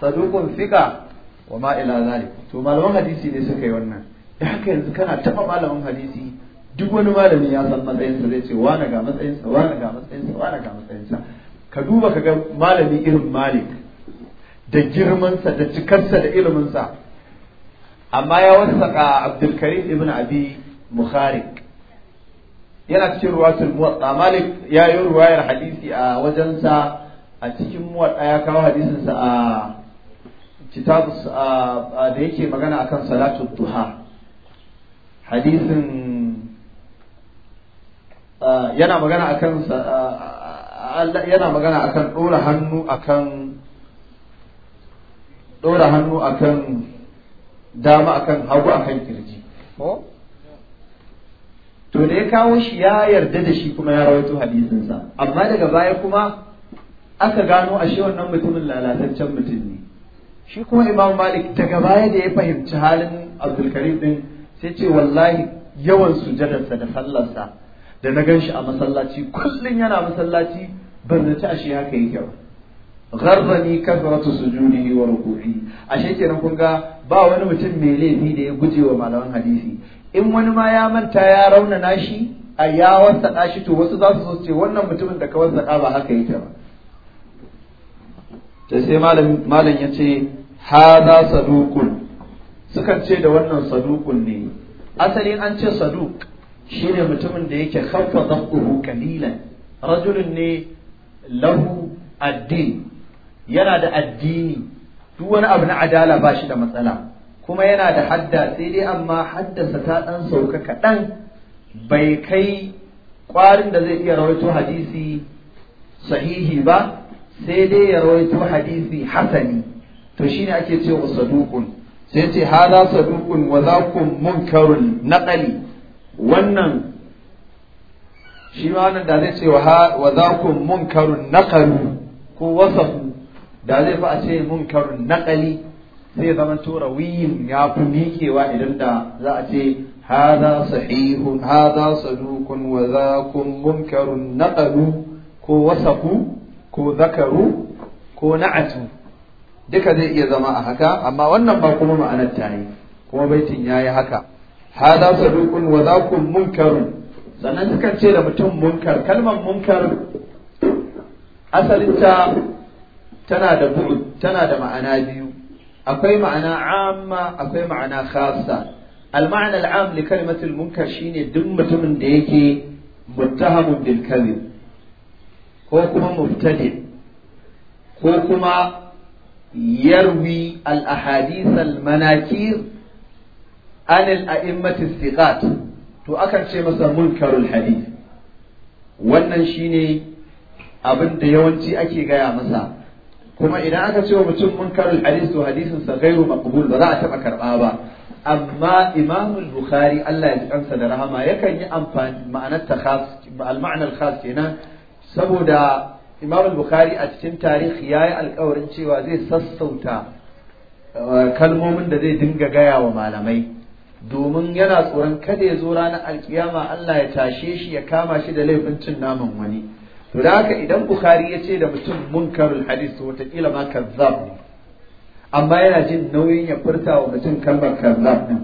Sadukun fika wa ma ila zalik to malaman hadisi ne suka yi wannan da haka yanzu kana taba malamin hadisi duk wani malami ya san matsayinsa zai ce wane ga matsayinsa wane ga matsayinsa wane ga matsayinsa ka duba ka ga malami irin malik da girmansa da cikarsa da iliminsa amma ya wasaka abdulkarim ibn abi muharik yana cikin ruwatul muwatta malik ya yi ruwayar hadisi a wajensa a cikin muwatta ya kawo hadisinsa a kitab da yake magana akan salatu duha hadisin yana magana akan yana magana akan ɗora hannu akan dora hannu akan dama akan hagu akan kirji ko to da ya kawo shi ya yarda da shi kuma ya rawaito sa amma daga baya kuma aka gano ashe wannan mutumin lalataccen mutum ne shi kuma imam malik daga baya da ya fahimci halin abdulkarim din sai ce wallahi yawan sujadarsa da sallarsa da na gan shi a masallaci kullum yana masallaci ban zaci ashe haka yake ba gharbani kathratu sujudihi wa ruku'i ashe kenan kun ga ba wani mutum mai laifi da ya guje wa malaman hadisi in wani ma ya manta ya rauna nashi a ya wasaɗa shi to wasu za su so ce wannan mutumin da ka wasaɗa ba haka yake ba Ta sai malam ya ce hada sadukun sukan ce da wannan sadukun ne asalin an ce saduk shine mutumin da yake khaffa dhabuhu qalilan rajulun ne lahu addin yana da addini duk wani abu na adala ba shi da matsala kuma yana da hadda sai dai amma haddasa ta ɗan sauka kaɗan bai kai ƙwarin da zai iya rawaito hadisi sahihi ba sai dai ya rawaito hadisi hasani to shine ake cewa saduqun sai ce hada saduƙun wa mun munkarun naƙali. wannan shi ma wannan da zai ce wa za ku munkarun naqalu ko wasafu da zai fa a ce munkarun naƙali, zai zama tura rawiyin ya fi miƙewa idan da za a ce hada sahihun hada sadukun wa za ku munkarun naqalu ko wasafu ko zakaru ko na'atu duka zai iya zama a haka amma wannan ba kuma ma'anar ta yi kuma baitin ya yi haka hada saduqun wa zakum munkarun sannan suka ce da mutum munkar kalmar munkar asalinta tana da bu'ud tana da ma'ana biyu akwai ma'ana amma akwai ma'ana khassa al-ma'ana al-am li kalimatil munkar shine duk mutumin da yake muttahamun bil kadhib ko kuma mubtadi ko kuma yarwi al-ahadith al-manakir a a'immati thiqat to akan ce masa munkarul hadith wannan shine abin da yawanci ake gaya masa kuma idan aka ce wa mutum munkarul hadith to hadisin sa ghairu maqbul ba za a taba karba ba amma imam bukhari Allah ya kansa da rahama yakan yi amfani ma'anar ta khas al-ma'na al-khas kenan saboda imamul bukhari a cikin tarihi yayi alƙawarin cewa zai sassauta eh, kalmomin da zai dinga gaya wa malamai domin yana tsoron kada ya zo ranar alkiyama Allah ya tashe shi ya kama shi da laifin cin naman wani to da haka idan bukhari ya ce da mutum munkarul hadis to watakila ma kazzab ne amma yana jin nauyin ya furta wa mutum kalmar kazzab din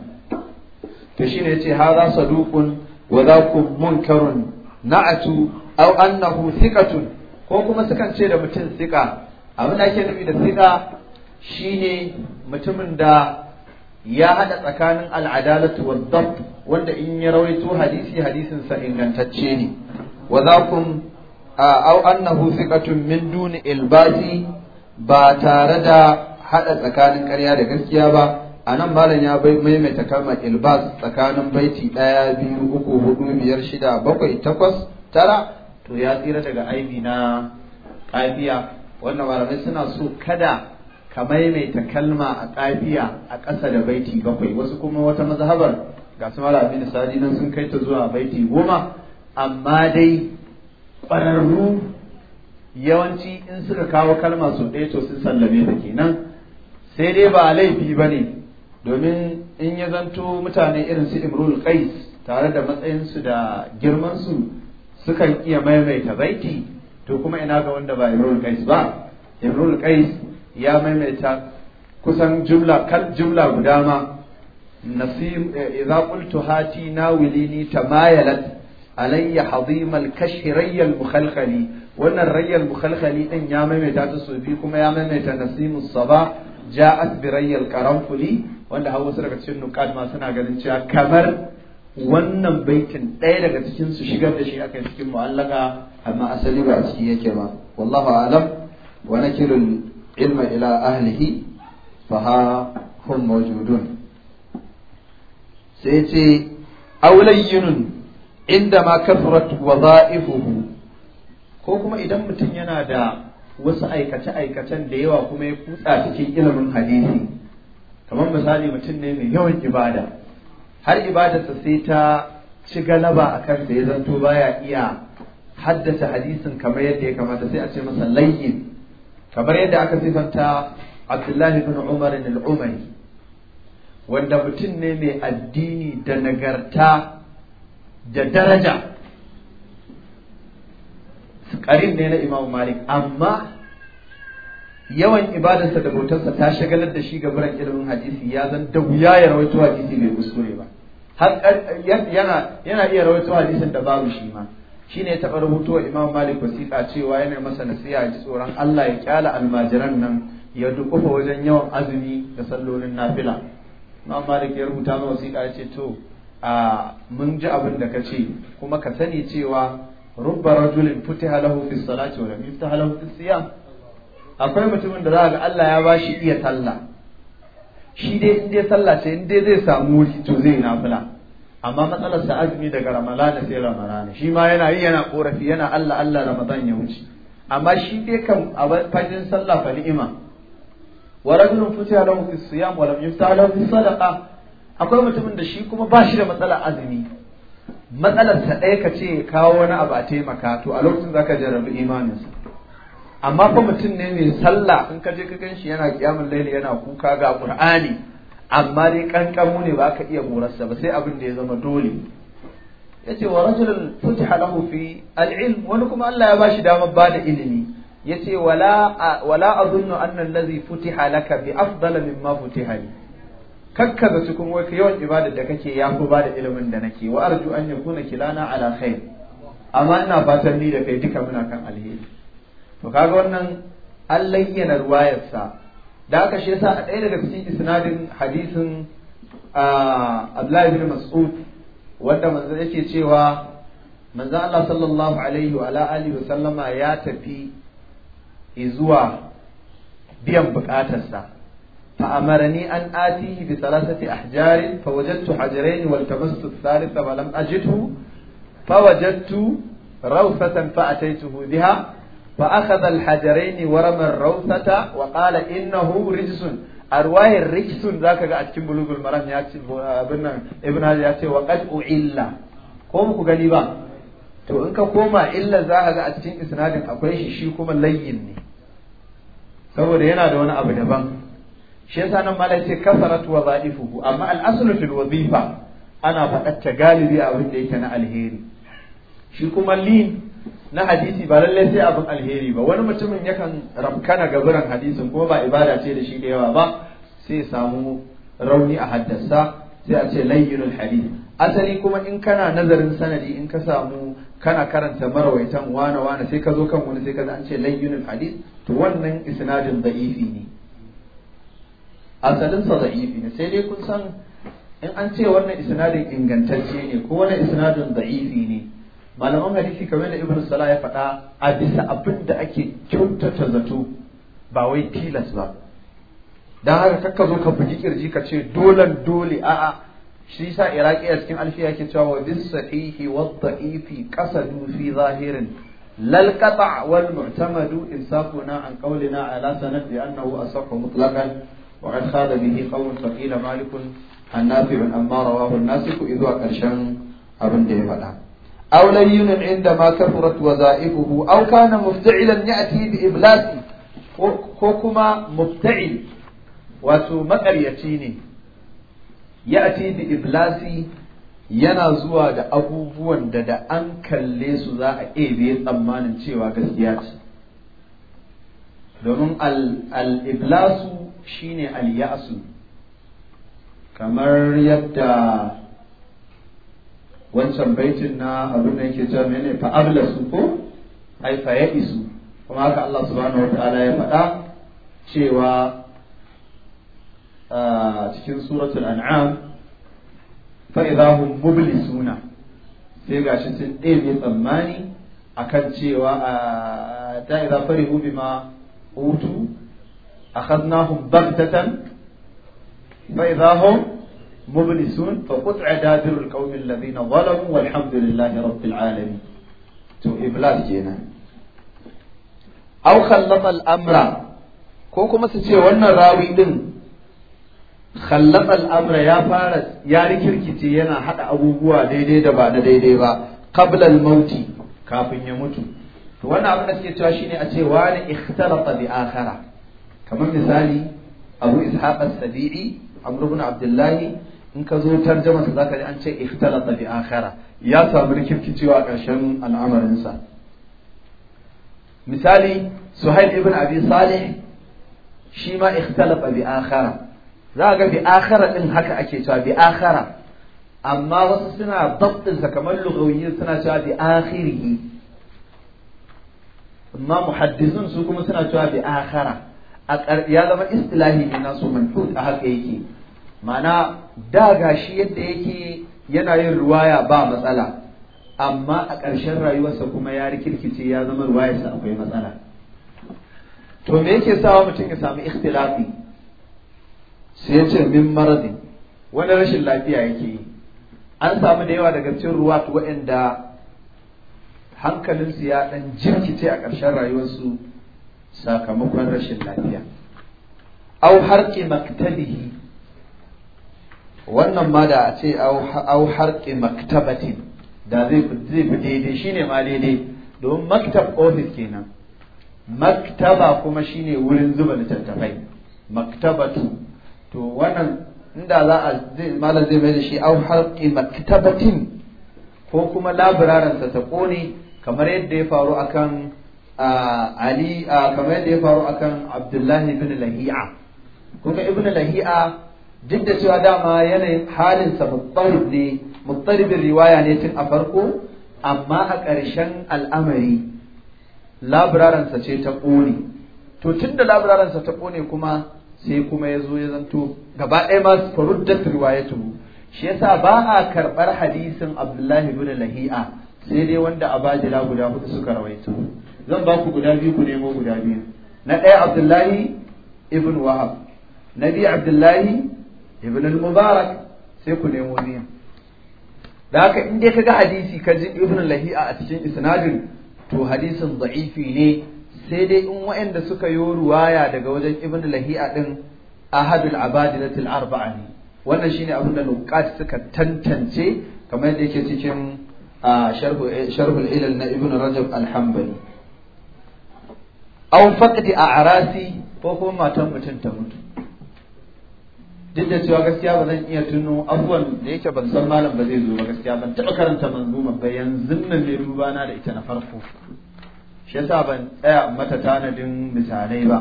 to shine yace za saduqun wa za ku munkarun na'atu aw annahu thiqatun ko kuma sukan ce da mutum thiqa abin da ake nufi da thiqa
shine
mutumin da ya haɗa tsakanin al'adalatu wa dabt wanda in ya rawaito hadisi hadisin sa ingantacce ne wa zakum au annahu thiqatun min duni ilbasi ba tare da haɗa tsakanin ƙarya da gaskiya ba anan nan malam ya bai maimaita kalmar ilbas tsakanin baiti ɗaya biyu uku hudu biyar shida bakwai takwas tara to ya tsira daga aibi na kafiya. wannan malamai suna so kada ka maimaita kalma a ƙafiya a ƙasa da baiti bakwai wasu kuma wata mazhabar ga su mala abin nan sun kai ta zuwa baiti goma amma dai ƙwararru yawanci in suka kawo kalma sau ɗaya to sun sallame ta kenan sai dai ba laifi ba ne domin in ya zanto mutane irin su imrul qais tare da matsayinsu da girmansu sukan iya maimaita baiti to kuma ina ga wanda ba imrul qais ba imrul qais ya maimaita kusan jumla kal jumla guda ma nasim eh, idza qultu hati nawilini tamayalat alayya hadimal kashi rayyal mukhalkhali wannan rayyal mukhalkhali din ya maimaita ta su bi kuma ya maimaita nasimus sabah ja'at bi rayyal wanda har wasu daga cikin nuqad ma suna ganin cewa kamar wannan baitin ɗaya daga cikin su shigar da shi akan cikin mu'allaka amma asali ba a ciki yake ba wallahu alam wa nakirul ilma ila ahlihi fa hum mawjudun sai ce aulayyunun inda ma kafarat wadaifuhu ko kuma idan mutum yana da wasu aikace-aikacen da yawa kuma ya kutsa cikin ilimin hadisi kamar misali mutum ne mai yawan ibada har ibadarsa sai ta ci galaba a da ya zanto baya iya haddace hadisin kamar yadda ya kamata sai a ce masa layyin kamar yadda aka sifanta Abdullahi bin Umar al-Umari wanda mutum ne mai addini da nagarta da daraja karin ne na Imam Malik amma yawan ibadarsa da botarsa ta shagalar da shi ga gabaran ilimin hadisi ya zan da wuya ya rawaito hadisi mai kuskure ba yana iya rawaito hadisin da babu shi ma shine ya taɓa wa Imam Malik wasiƙa cewa yana masa nasiha ji tsoron Allah ya kyala almajiran nan ya dukufa wajen yawan azumi da sallolin nafila Imam Malik ya rubuta masa wasiƙa ya ce to a mun ji abin da ka ce kuma ka sani cewa rubba rajulin futi halahu fi salati wa lam yuftaha fi siyam akwai mutumin da za ga Allah ya ba shi iya sallah shi dai in dai sallah ce in dai zai samu wuri to zai nafila amma matsalar sa azumi daga ramadana sai ramadana shi ma yana yi yana korafi yana Allah Allah ramadan ya wuce amma shi dai kan a fagen sallah fa ni'ima wa rajulun futiha lahu fi siyam wa lam yuftah lahu fi sadaqa akwai mutumin da shi kuma ba shi da matsalar azumi matsalar sa ɗaya ka ce kawo wani abu a taimaka to a lokacin zaka jarrabi imaninsa amma fa mutum ne mai sallah in ka je ka ganshi shi yana kiyamul laili yana kuka ga qur'ani amma dai kankanmu ne ba ka iya morarsa ba sai abin da ya zama dole Ya ce wa rajulun futiha lahu fi al wani kuma Allah ya ba shi damar ba da ilimi yace wala wala azunnu anna allazi futiha laka bi afdala mimma futiha li kakka da cikin wai yawan ibadar da kake ya fi ba da ilimin da nake wa arju an yakuna kilana ala khair amma ina fatan ni da kai duka muna kan alheri to kaga wannan an layyana da haka shi yasa a ɗaya daga cikin isnadin hadisin Abdullahi bin Mas'ud wanda manzo yake cewa manzo Allah sallallahu alaihi wa ala wa sallama ya tafi zuwa biyan bukatarsa fa amarani an atihi bi thalathati ahjarin fa wajadtu hajarain wal tamassu ath-thalitha wa lam ajidhu fa wajadtu rawfatan fa ataituhu biha فأخذ الحجرين ورمى الروثة وقال إنه رجس أرواي رجس ذاك أتكم بلوغ المرام ياتي ابن هذا Ko وقد ku قوم ba? to in ka koma illa za ga a cikin isnadin akwai shi shi kuma layyin ne saboda yana da wani abu daban shi yasa nan malai ce kasarat wa za'ifuhu amma al-aslu fil wazifa ana faɗacce galibi abin da yake na alheri shi kuma lin na hadisi ba lallai sai abin alheri ba wani mutumin yakan rafkana biran hadisin ko ba ibada ce da shi da yawa ba sai samu rauni a haddasa sai a ce layyinul hadith asali kuma in kana nazarin sanadi in ka samu kana karanta marawaitan wana wana sai ka zo kan wani sai ka an ce layyinul hadith to wannan isnadin da'ifi ne asalin sa da'ifi ne sai dai kun san in an ce wannan isnadin ingantacce ne ko wannan isnadin da'ifi ne malaman hadisi kamar da ibnu sala ya faɗa a bisa abin da ake kyautata zato ba wai tilas ba dan haka kakka zo ka bugi kirji ka ce dolan dole a'a shi yasa iraki a cikin alfiya ke cewa wa bis sahihi wa dha'ifi qasadu fi zahirin lal qata' wal mu'tamadu insaquna an qawlina ala sanad bi annahu asahhu mutlaqan wa qad khada bihi qawl faqila malikun an nafi'un amma rawahu an-nasik idwa karshen abin da ya faɗa أو لين عندما كثرت وظائفه أو كان مفتعلا يأتي بإبلاس حكم مفتعل وسمكر يتيني يأتي بإبلاس yana zuwa da abubuwan da da an kalle su za a ebe tsammanin cewa gaskiya ce domin al-iblasu shine al-ya'su kamar yadda wancan baitin na abin da yake cewa mene fa su ko ai fa ya isu kuma haka Allah subhanahu wataala ya faɗa cewa a cikin suratul an'am fa idahum mublisuna sai gashi sun ɗebe tsammani akan cewa a ta idza farihu bima utu akhadnahum baghtatan fa idahum مبلسون فقطع دابر القوم الذين ظلموا والحمد لله رب العالمين to iblis kenan aw khallafa al-amra ko kuma su ce wannan rawi ɗin khallafa al-amra ya fara ya rikirkice yana haɗa abubuwa daidai da ba na daidai ba qabla al-mauti kafin ya mutu to wannan abin da suke cewa shine a ce wani ikhtalafa bi akhara kamar misali abu ishaq as-sabi'i abdullahi in ka zo tarjama ta zaka ji an ce ikhtalata bi akhara ya samu rikirkicewa a ƙarshen al'amarinsa misali suhail ibn abi salih shi ma ikhtalata bi akhara za ga bi akhara din haka ake cewa bi akhara amma wasu suna dabtin sa kamar lugawiyyin suna cewa bi akhirihi amma muhaddisin su kuma suna cewa bi akhara ya zama istilahi ne nasu manhut a haka yake mana da gashi yadda yake yana yin ruwaya ba matsala amma a ƙarshen rayuwarsa kuma ya rikirkice ya zama ruwayarsa akwai matsala to me yake sawa mutum ya samu ikhtilafi sai ya ce min maradin wani rashin lafiya yake yi an samu da yawa daga cikin ruwa waɗanda hankalinsu ya ɗan jirkice a ƙarshen rayuwarsu sakamakon rashin lafiya au harki maktalihi? wannan ma da a ce au harƙi maktabatin da zai fi daidai ne ma daidai domin maktab ofis kenan maktaba kuma shi ne wurin zuba littattafai maktabatu to wannan inda za a malam zai mai da shi au harƙi maktabatin ko kuma labirarinsa ta ƙone kamar yadda ya faru akan Ali kamar yadda ya faru akan Abdullahi ibn Lahi'a kun ga ibn Lahi'a duk da cewa dama yanayin halinsa muttarib ne muttaribin riwaya ne tun a farko amma a ƙarshen al'amari labararansa ce ta ƙone to tun da labararansa ta ƙone kuma sai kuma ya zo ya zanto gaba ɗaya ma furuddat riwayatu shi yasa ba a karɓar hadisin abdullahi bin lahi'a sai dai wanda abajila guda hudu suka rawaito zan ba ku guda biyu ku nemo guda biyu na ɗaya abdullahi ibn wahab na biyu abdullahi ibn al-mubarak sai ku nemo miyan da haka in dai kaga hadisi ka ji ibn lahi'a a cikin isnadin to hadisin da'ifi ne sai dai in waɗanda suka yi ruwaya daga wajen ibn lahi'a din ahadul abadilatil arba'a ne wannan shine abin da nuqat suka tantance kamar yadda yake cikin eh, sharhul ilal na ibn rajab al-hanbali aw faqdi a'rasi ko kuma matan mutum ta mutu duk da cewa gaskiya ba zan iya tuno abubuwan da yake ban san malam ba zai zo ba gaskiya ban taɓa karanta manzuma ba yanzu nan ne duba na da ita na farko shi yasa ban tsaya mata tanadin misalai ba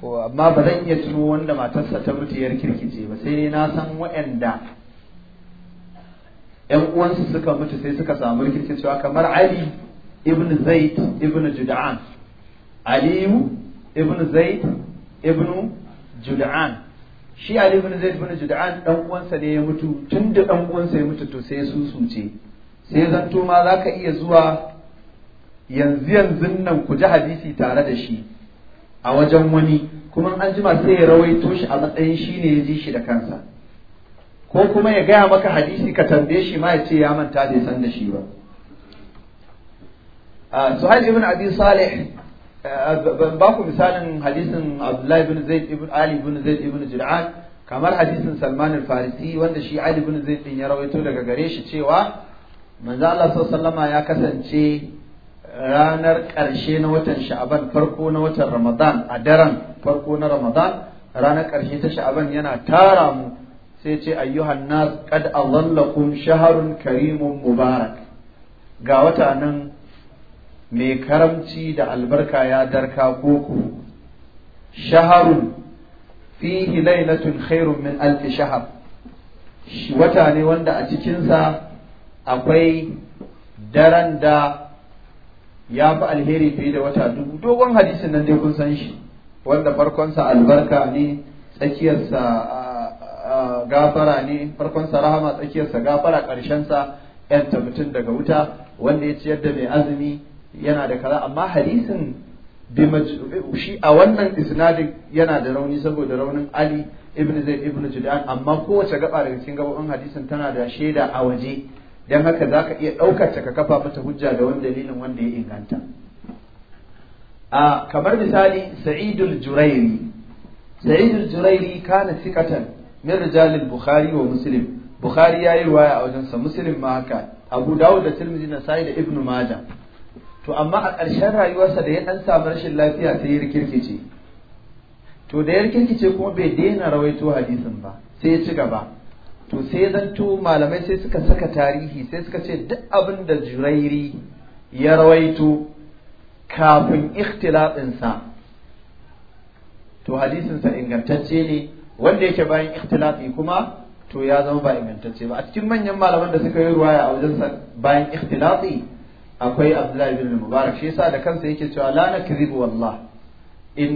ko amma ba zan iya tuno wanda matarsa ta mutiyar kirkice ba sai na san waɗanda ƴan uwansu suka mutu sai suka samu rikirkicewa kamar Ali ibn Zaid ibn judan Aliyu ibn Zaid ibn judan shi Ali ibn Zaid ibn Jud'an dan uwansa ne ya mutu tun da dan uwansa ya mutu to sai su suce sai zanto ma zaka iya zuwa yanzu yanzu nan ku ji hadisi tare da shi a wajen wani kuma an jima sai ya rawaito shi a matsayin shi ne ya ji shi da kansa ko kuma ya gaya maka hadisi ka tambaye shi ma ya ce ya manta bai san da shi ba ah, Suhail ibn Abi Salih ba ku misalin hadisin Abdullahi ibn Zaid ibn Ali ibn Zaid ibn Jur'an kamar hadisin Salman al-Farisi wanda shi Ali ibn Zaid din ya rawaito daga gare shi cewa manzo Allah sallallahu ya kasance ranar karshe na watan Sha'aban farko na watan Ramadan a daren farko na Ramadan ranar karshe ta shaban yana tara mu sai ce ayyuhan nas qad adallakum shahrun karimun mubarak ga wata nan mai karamci da albarka ya darka koko shaharun fihi lailatun khairun min alf shahar wata ne wanda a cikinsa akwai daren da ya fi alheri fiye da wata dubu dogon hadisin nan dai kun san shi wanda farkonsa albarka ne tsakiyarsa gafara ne farkonsa rahama tsakiyarsa gafara ƙarshensa ‘yanta mutum daga wuta wanda ya ciyar da mai azumi yana da kaza amma hadisin shi a wannan isnadin yana da rauni saboda raunin Ali ibn Zaid ibn Judan amma kowace gaba daga cikin gaban hadisin tana da shaida a waje dan haka zaka iya daukar ta ka kafa mata hujja da wani dalilin wanda ya inganta a kamar misali Sa'id al-Jurairi Sa'id al-Jurairi kana sikatan min rijal al-Bukhari wa Muslim Bukhari yayi riwaya a wajensa Muslim ma haka Abu Dawud da Tirmidhi da Sa'id da Ibn Majah to amma a ƙarshen rayuwarsa da ya ɗan samu rashin lafiya sai ya rikirkice to da ya rikirkice kuma bai daina rawaito hadisin ba sai ya ci gaba to sai zanto malamai sai suka saka tarihi sai suka ce duk abin da jurairi ya rawaito kafin ikhtilafinsa to hadisinsa ingantacce ne wanda yake bayan ikhtilafi kuma to ya zama ba ingantacce ba a cikin manyan malaman da suka yi ruwaya a wajensa bayan ikhtilafi akwai Abdullahi bin Mubarak shi yasa da kansa yake cewa la kizibu wallah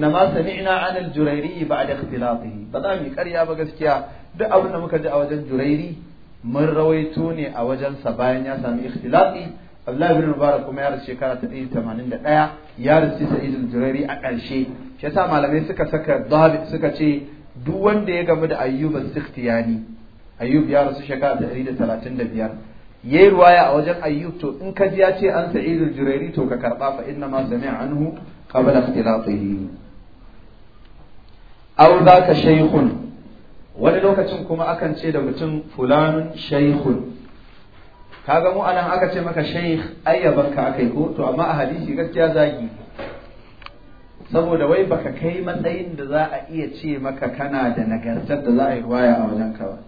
ma sami'na an al-jurairi ba'da ikhtilatihi ba za mu ƙarya ba gaskiya duk abin da muka ji a wajen jurairi mun rawaito ne a wajen sa bayan ya sami ikhtilati Abdullahi bin Mubarak kuma ya rasu shekara ta 181 ya rasu sai idin jurairi a ƙarshe shi yasa malamai suka saka dabit suka ce duk wanda ya gamu da ayyuban sikhtiyani Ayyub ya rasu shekara ta 135 yayi ruwaya a wajen ayyub to in ka ji ya ce an sa'idul jurairi to ka karba fa inna ma sami'a anhu qabla ikhtilafihi aw ka shaykhun wani lokacin kuma akan ce da mutum fulanun shaykhun kaga mu anan aka ce maka shaykh ayyabanka akai ko to amma a hadisi gaskiya zagi saboda wai baka kai matsayin da za a iya ce maka kana da nagartar da
za a yi waya a wajen ka ba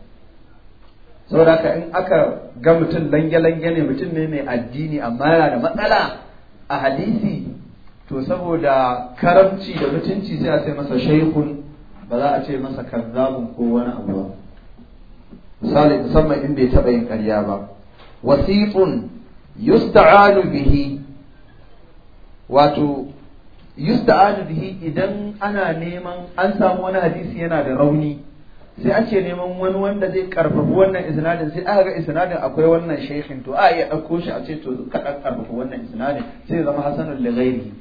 saboda ka in aka ga mutum lange-lange ne mutum ne mai addini amma yana da matsala a hadisi to saboda karamci da mutunci sai a sai masa shaikun ba za a ce masa kazzabun ko wani abu ba misali musamman in bai taɓa yin ƙarya ba wasiqun yusta'anu bihi wato yusta'anu bihi idan ana neman an samu wani hadisi yana da rauni sai ce neman wani wanda zai karfafi wannan isnadin sai aka ga isnadin akwai wannan sheikhin to a iya ɗauko shi a ce to ka karfafi wannan isnadin sai zama hasanul li ghairi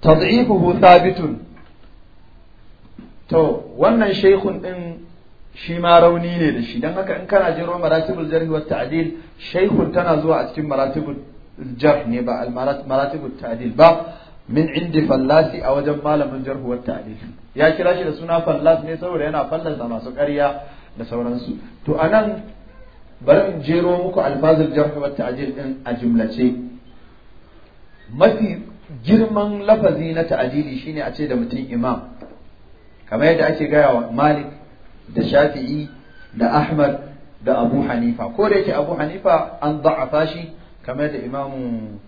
tad'ifuhu thabitun to wannan shekhun din shi ma rauni ne da shi dan haka in kana jiro maratibul jarh wa ta'dil tana zuwa a cikin maratibul jarh ne ba al maratibul ta'dil ba min indi fallasi a wajen malamin jarhuwar ta'arifi ya kira shi da suna fallas ne saboda yana fallasa masu ƙarya da sauransu to anan bari in jero muku alfazul jarhuwar ta'ajil din a jumlace mafi girman lafazi na ta'ajili shine a ce da mutum imam kamar yadda ake gaya wa malik da shafi'i da ahmad da abu hanifa ko da yake abu hanifa an da'afa shi kamar da imamu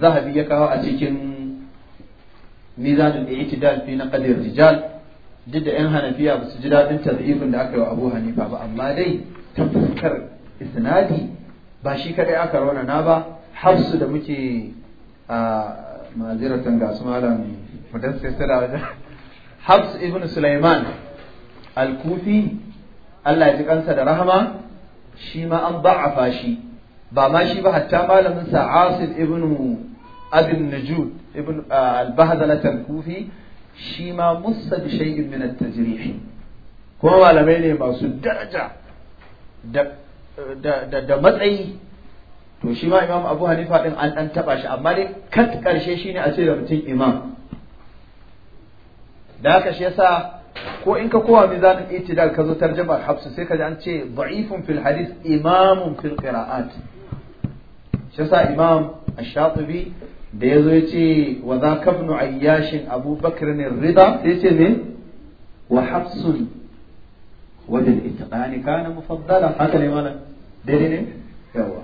zahabi ya kawo a cikin mizanul i'tidal fi naqdir rijal duk da yan hanafiya ba su ji daɗin tazifin da aka yi wa Abu Hanifa ba amma dai ta fuskar isnadi ba shi kadai aka rauna na ba hafsu da muke a maziratan ga su malam mudassir ibn Sulaiman al-Kufi Allah ji kansa da rahama shi ma an ba'afa fashi. ba ma shi ba hatta malamin sa Asif ibn Abin Najud ibn al-Bahzanat na kufi shi ma musa da shay'in min at-tajrih kuma malamai ne masu daraja da matsayi to shi ma Imam Abu Hanifa din an dan taba shi amma dai kat karshe shine a ce da mutum imam da haka shi yasa ko in ka kowa mizanin itidal ka zo tarjamar hafsu sai ka ji an ce da'ifun fil hadith imamun fil qira'at shi sa imam ash-shatibi da yazo yace wa za kabnu ayyashin abubakar ne rida sai yace ne wa hafsun wajen itiqani kana mufaddala haka ne mana daidai ne yawa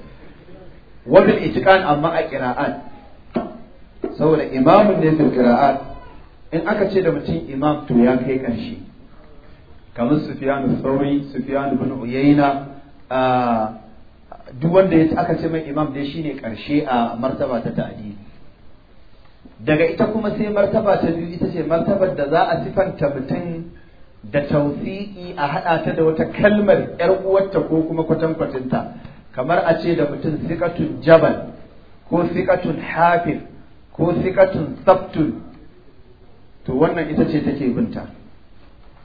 wajen itiqan amma a qira'at saboda imamun ne fil qira'at in aka ce da mutum imam to ya kai ƙarshe kamar sufyan sauri sufyan ibn uyayna ah, duk wanda ya aka ce mai imam dai shine karshe a martaba ta ta'dili daga ita kuma sai martaba ta biyu ita ce martabar da za a sifanta mutum da tausi'i a haɗa ta da wata kalmar yar uwarta ko kuma kwatankwatinta kamar a ce da mutum sikatun jabal ko sikatun hafif ko sikatun sabtun to wannan ita ce take binta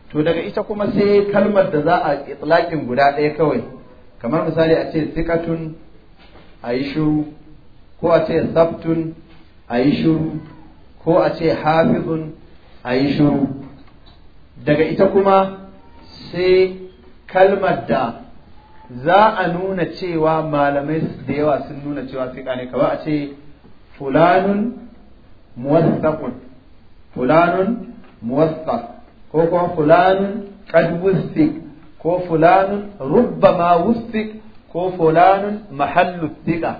to daga ita kuma sai kalmar da za a itlaƙin guda ɗaya kawai kamar misali a ce sikatun a yi shuru ko a ce sabtun a yi shuru ko a ce hafizun a yi shuru daga ita kuma sai kalmar da za a nuna cewa malamai da yawa sun nuna cewa sai ne kawai a ce fulanun muwassakun fulanun muwassak ko kuma fulanun qad ko fulanun rubbama wustik ko fulanun mahallu tika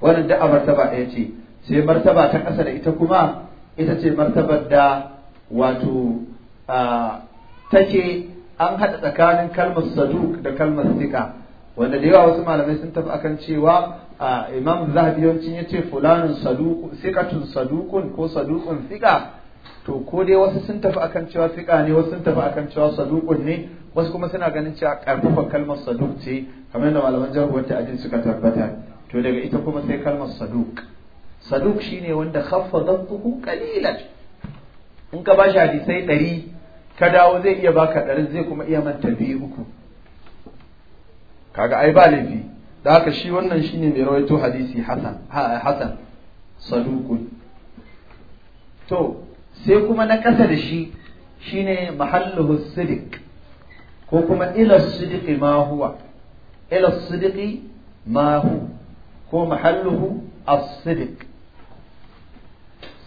wannan da martaba ɗaya ce sai martaba ta ƙasa da ita kuma ita ce martabar da wato take an haɗa tsakanin kalmar saduk da kalmar sika wanda da yawa wasu malamai sun tafi akan cewa imam zahabi yawancin ya ce fulanin sikatun sadukun ko sadukun sika to ko dai wasu sun tafi akan cewa sika ne wasu sun tafi akan cewa sadukun ne wasu kuma suna ganin cewa karfafa kalmar saduk ce kamar yadda malaman jarhuwar ajin suka tabbata to daga ita kuma sai kalmar saduk saduk shine wanda khaffa dhabtuhu qalilan in ka bashi hadisai ɗari ka dawo zai iya baka ɗarin zai kuma iya manta biyu uku kaga ai ba laifi da haka shi wannan shine mai rawaito hadisi hasan hasan sadukun to sai kuma na kasa da shi shine mahalluhu sidik ko kuma ila sidiki ma huwa ila sidiki ma hu ko mahalluhu as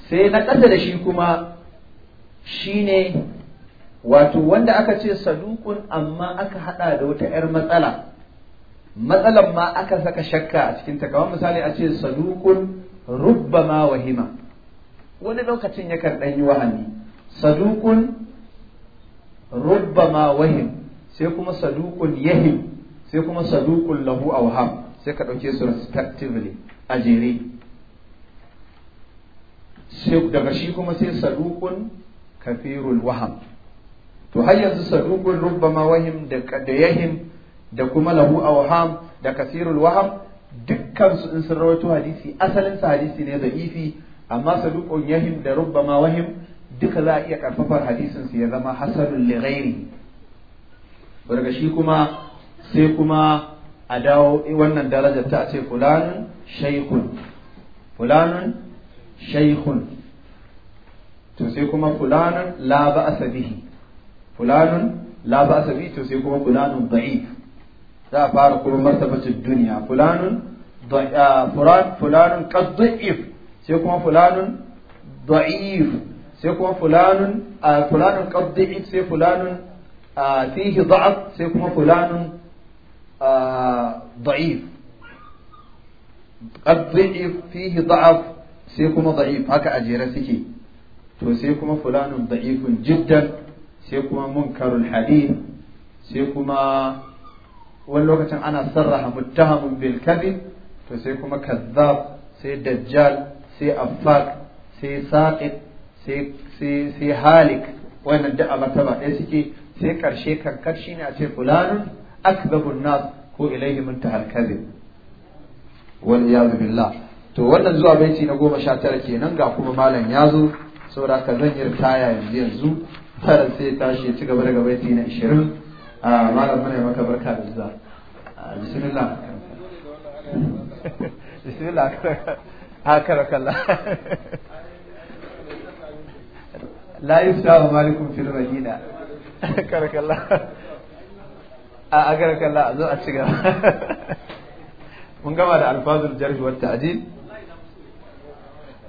sai na ƙasa da shi kuma shine wato wanda aka ce saduqun amma aka hada da wata 'yar matsala matsalan ma aka saka shakka a cikin ta kamar misali a ce saduqun ma wahima wani lokacin yakan ɗan yi wahani saduqun ma wahima. sai kuma saduqul yahim sai kuma saduqul lahu awham sai ka dauke su respectively a jere sai daga shi kuma sai saduqun kafirul waham to har yanzu saduqul rubbama wahim da da yahim da kuma lahu awham da kasirul waham dukkan su in sun rawaito hadisi asalin sa hadisi ne da'ifi amma saduqun yahim da rubbama wahim duka za a iya karfafar hadisin su ya zama hasanun lirairi. daga shi kuma sai kuma a dawo wannan darajar ta ce fulanun shaikun fulanun shaikun to sai kuma fulanun la ba'sa bihi fulanun la ba'sa bihi to sai kuma fulanun da'if za a fara kuma martabatin duniya fulanun fulanun qad da'if sai kuma fulanun da'if sai kuma fulanun fulanun qad da'if sai fulanun fihi da'af sai kuma fulanun da'if haka a jere suke to sai kuma fulanun da'ifun jiddan sai kuma munkarul hadith sai kuma wani lokacin ana sarraha muttahamun bil kadhib to sai kuma kazzab sai dajjal sai affaq sai saqit sai halik wannan da a martaba suke sai karshe kankar ne a ce fulanun akbabun nas ko ilaihi muntahal kadhib wal iyad billah to wannan zuwa baiti na goma sha tara kenan ga kuma malam ya zo saboda ka zan yi ritaya yanzu yanzu tara sai tashi ci gaba daga baiti na 20 a malam muna maka barka da zuwa
bismillah
bismillah haka kala la yusawu malikum fil madina karkalla a karkalla a zo a ci gaba mun gama da alfazul jarh wa ta'dil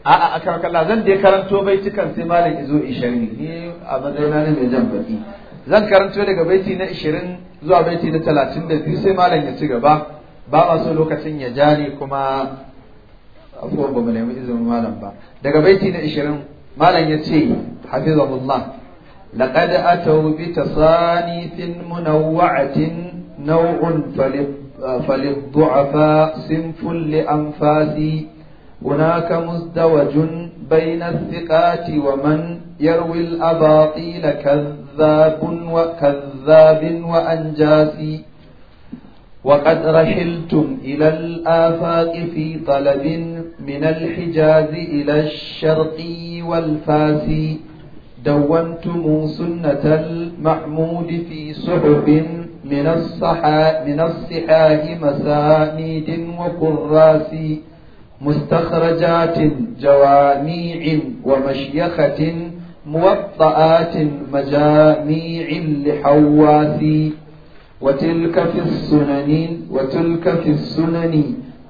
a a karkalla zan je karanto baitukan sai malam izo 20 ni a matsayina ne mai jan baki zan karanto daga baiti na 20 zuwa baiti na 32 sai malam ya ci gaba ba ma so lokacin ya jari kuma afuwar ba mu nemi izinin malam ba daga baiti na 20 malam ya ce hafizahullah لقد أتوا بتصانيف منوعة نوع فللضعفاء صنف لأنفاسي هناك مزدوج بين الثقات ومن يروي الأباطيل كذاب وكذاب وأنجاسي وقد رحلتم إلى الآفاق في طلب من الحجاز إلى الشرق والفاسي دونتم سنة المحمود في صحف من الصحاء من الصحاح مسانيد وكراس مستخرجات جواميع ومشيخة موطئات مجاميع لحواس وتلك في السنن وتلك في السنن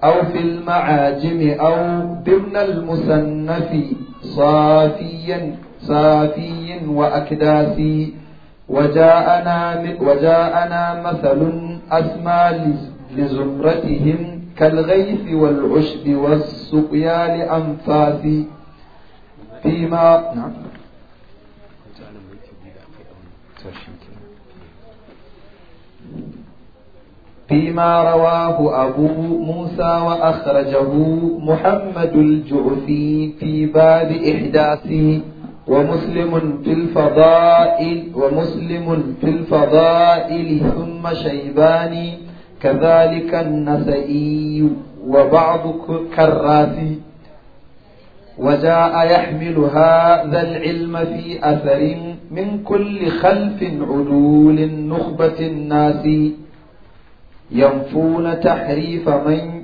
أو في المعاجم أو ضمن المصنف صافيا صافي وأكداس وجاءنا, وجاءنا مثل أسمى لزمرتهم كالغيث والعشب والسقيا لأنفاث فيما نعم فيما رواه أبو موسى وأخرجه محمد الجعفي في باب إحداثه ومسلم في الفضائل ومسلم في الفضائل ثم شيباني كذلك النسائي وبعض كراسي وجاء يحمل هذا العلم في أثر من كل خلف عدول نخبة الناس ينفون تحريف من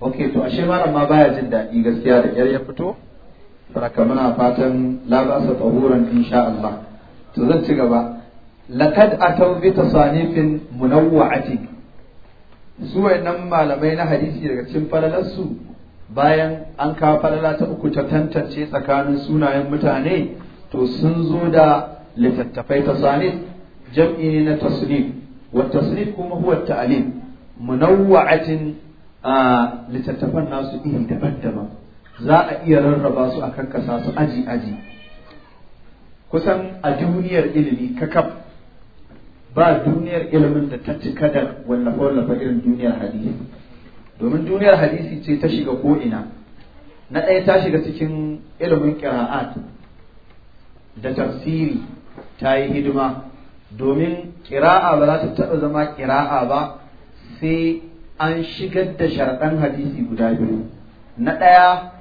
ok to ashe malam ma baya jin daɗi gaskiya da yar ya fito saraka muna fatan labasa ba insha Allah to zan ci gaba lakad a ta bi munawwa ake. su wayannan malamai na hadisi daga cikin falalarsu bayan an kawo falala ta uku ta tantance tsakanin sunayen mutane to sun zo da littattafai ta tasanif jam'i ne na tasnif wa tasnif kuma huwa ta'lim munawwa'atin a littattafan nasu iri daban-daban za a iya rarraba su a kankasa su aji-aji kusan a duniyar ilimi kakaf ba duniyar ilimin da ta cika da wallafa-wallafa irin duniyar hadisi domin duniyar hadisi ce ta shiga ko'ina na ɗaya ta shiga cikin ilimin ƙira'at da tafsiri ta yi hidima domin ƙira'a ba za ta taɓa zama ƙira'a ba sai an shigar da sharaɗan hadisi guda biyu na ɗaya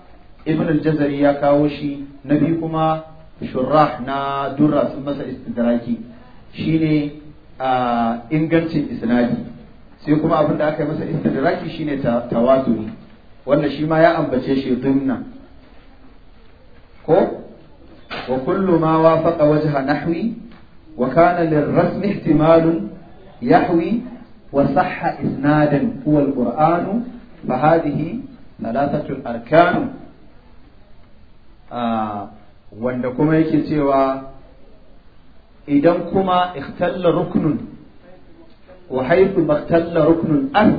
ibn al-jazari ya kawo shi na biyu kuma shurrah na durra sun masa istidraki shine ingancin isnadi sai kuma abin da aka yi masa istidraki shine tawazuni wanda shi ma ya ambace shi dunna ko wa kullu ma wafaqa wajha nahwi wa kana lirrasmi ihtimalun yahwi وصح إسنادا هو القرآن فهذه ثلاثة الأركان آه wanda kuma yake cewa idan kuma ikhtalla ruknun wa haythu ikhtalla ruknun an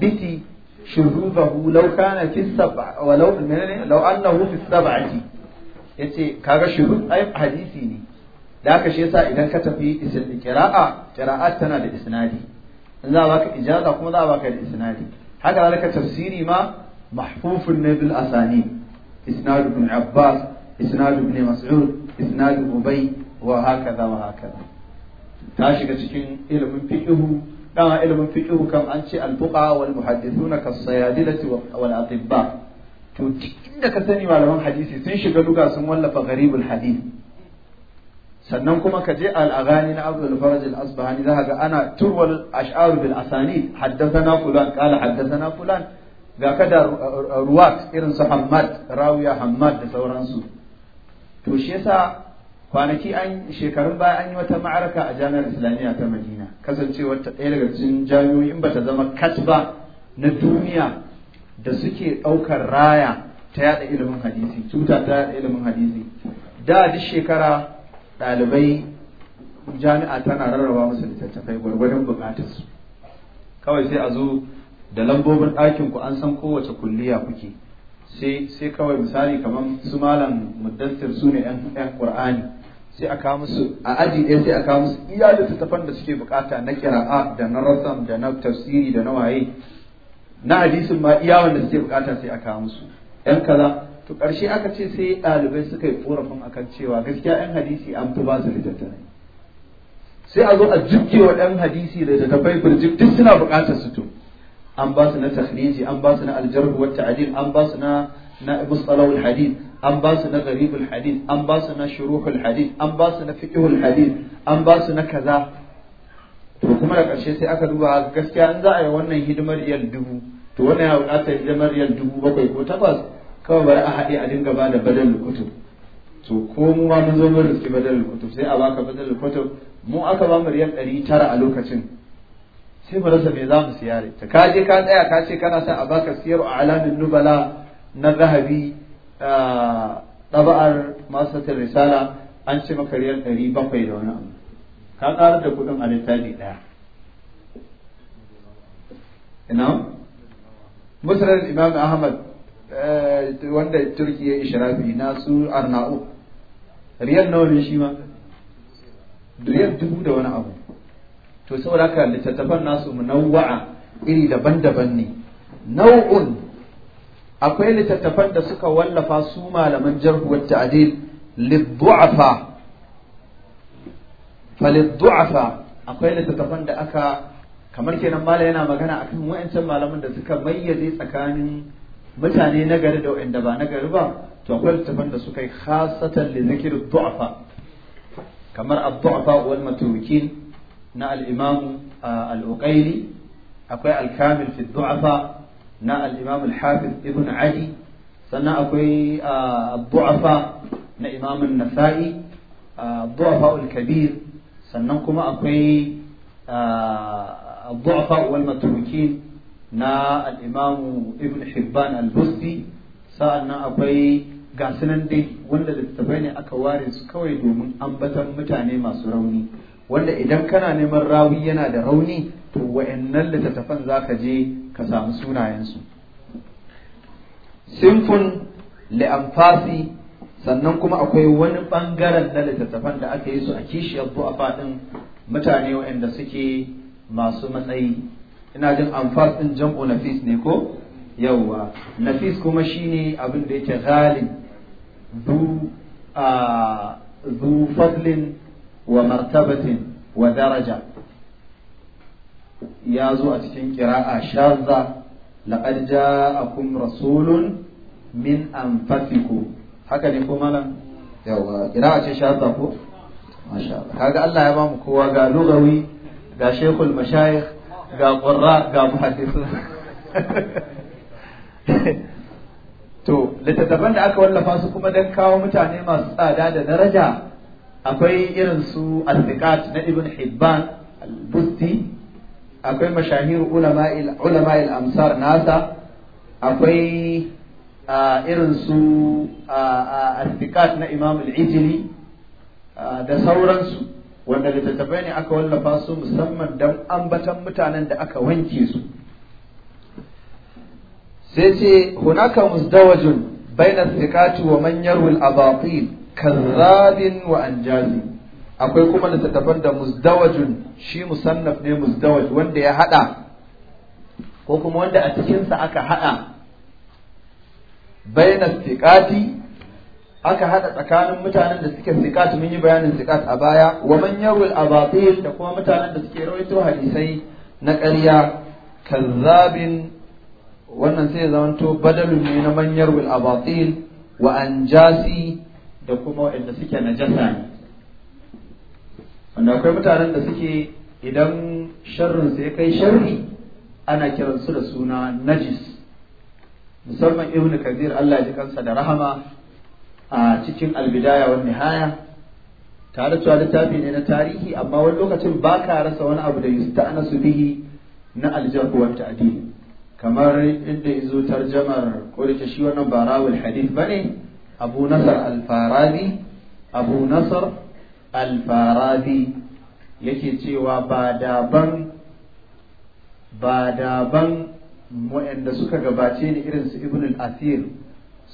biki shuhubahu law kana fi sab'a wa law yace kaga shuhub ai hadisi ne da haka shi yasa idan ka tafi isil qira'a qira'at tana da isnadi za a baka ijaza kuma za baka da isnadi haka zalika tafsiri ma mahfufun ne bil asani isnad ibn abbas isnad ibn mas'ud isnad ubay wa hakaza wa hakaza ta shiga cikin ilimin fiqhu dama ilimin kam an ce al fuqa wal muhaddithuna kas sayadilati wal atibba to duk da ka sani malaman hadisi sun shiga duka sun wallafa gharibul hadith sannan kuma ka je al na Abdul Faraj al-Asbahani za ga ana turwal ash'ar bil asani haddathana fulan qala haddathana fulan ga kada ruwat irin su Hammad rawiya Hammad da sauransu to shi yasa kwanaki an shekarun baya an yi wata ma'araka a jami'ar islamiyya ta madina kasancewar ta ɗaya daga cikin jami'o'i ba ta zama katba na duniya da suke ɗaukar raya ta yada ilimin hadisi cuta ta yada ilimin hadisi da duk shekara ɗalibai jami'a tana rarraba musu littattafai gwargwadon bukatarsu kawai sai a zo da lambobin ɗakin ku an san kowace kulliya kuke sai sai kawai misali kamar su malam muddassir su ne yan qur'ani sai a kawo musu a aji ɗaya sai a kawo musu iya littattafan da suke bukata na ƙira'a da na rasam da na tafsiri da na waye na hadisin ma iya wanda suke bukata sai a kawo musu yan kaza to ƙarshe aka ce sai ɗalibai suka yi korafin akan cewa gaskiya 'yan hadisi an fi ba su littattafai sai a zo a jibge wa ɗan hadisi da littattafai birjik duk suna buƙatar su to an ba su na tahriji an ba su na aljarhu wata ta'dil an ba su na na mustalahul hadith an ba su na gharibul hadith an ba su na shuruhul hadith an ba su na fiqhul hadith an ba su na kaza to kuma da ƙarshe sai aka duba gaskiya in za a yi wannan hidimar riyal dubu to wannan ya buƙatar hidimar riyal dubu bakwai ko takwas kawai bari a haɗe a dinga ba da badal
kutub to
ko mu ma mun zo mun riski badal kutub sai a baka badal kutub mu aka ba mu riyal ɗari tara a lokacin sai mu rasa me za mu siya ta ka je ka tsaya ka ce kana sa a baka siyar a alamin nubala na zahabi ɗaba'ar masatar risala an ce maka riyal ɗari bakwai da wani abu ka ƙara da kuɗin a littafi ɗaya ina musulun imam ahmad Eh, wanda turki ya ishirafi na su arna'u riyal nawa ne shi ma riyal dubu da wani abu to saboda haka littattafan nasu munawwa'a iri daban-daban ne nau'un akwai littattafan da suka wallafa su malaman jarhu wa ta'dil liddu'afa faliddu'afa akwai littattafan da aka kamar kenan mala yana magana akan wa'ancan malaman da suka mayyade tsakanin mutane na gari da wa'anda ba na gari ba to akwai littafan da suka yi khasatan li zikir du'afa kamar ad-du'afa wal matukin na al-imam al-uqayli akwai al-kamil fi du'afa na al-imam al-hafiz ibn adi sannan akwai ad-du'afa na imam an-nasa'i ad-du'afa al-kabir sannan kuma akwai ad-du'afa wal matukin na al'imamu ibn hibban al-busti nan akwai gasunan dai wanda littattafai ne aka ware su kawai domin ambatan mutane masu rauni wanda idan kana neman rawi yana da rauni to wa'annan littattafan za ka je ka samu sunayensu sinfun li'amfasi sannan kuma akwai wani ɓangaren na littattafan da aka yi su a kishiyar a faɗin mutane waɗanda suke masu matsayi ina jin amfas din jam'u nafis ne ko yawwa nafis kuma shine abin da yake ghalib zu a zu fadlin wa martabatin wa daraja ya zo a cikin kira'a shazza laqad ja'akum rasulun min anfasikum haka ne ko malam yawa kira'a ce shazza ko masha Allah kaga Allah ya ba mu kowa ga lugawi ga shekul mashayikh ga ƙwarra ga muhaddisu to littattafan da aka wallafa su kuma don kawo mutane masu tsada da daraja akwai irin su al-thiqat na ibn hibban al-busti akwai mashahir ulama al-amsar nasa akwai irin su al na imam al da sauransu wanda littattafai ne aka wallafa su musamman don ambatan mutanen da aka wanke su sai ce hunaka musdawajun baina thiqati wa man wil al-abatil kazzabin wa anjazi akwai kuma littattafan da musdawajun shi musannaf ne musdawaj wanda ya hada ko kuma wanda a cikinsa aka hada baina thiqati aka hada tsakanin mutanen da suke sikat mun yi bayanin sikat a baya wa man yarul abatil da kuma mutanen da suke rawaito hadisai na ƙarya kazzabin wannan sai ya zamanto badalun ne na man yarul abatil wa anjasi da kuma wanda suke najasa ne wanda akwai mutanen da suke idan sharrin sai kai sharri ana kiransu da suna najis musamman ibnu kabir Allah ya ji kansa da rahama a cikin albidaya wa nihaya tare cewa littafi ne na tarihi amma wani lokacin ba ka rasa wani abu da yusta'nasu bihi na aljarh wa ta'dil kamar inda yazo tarjamar ko da shi wannan ba hadith bane Abu Nasar al-Farabi Abu Nasar al-Farabi yake cewa ba daban ba daban waɗanda suka gabace ni irin su Ibn al-Asir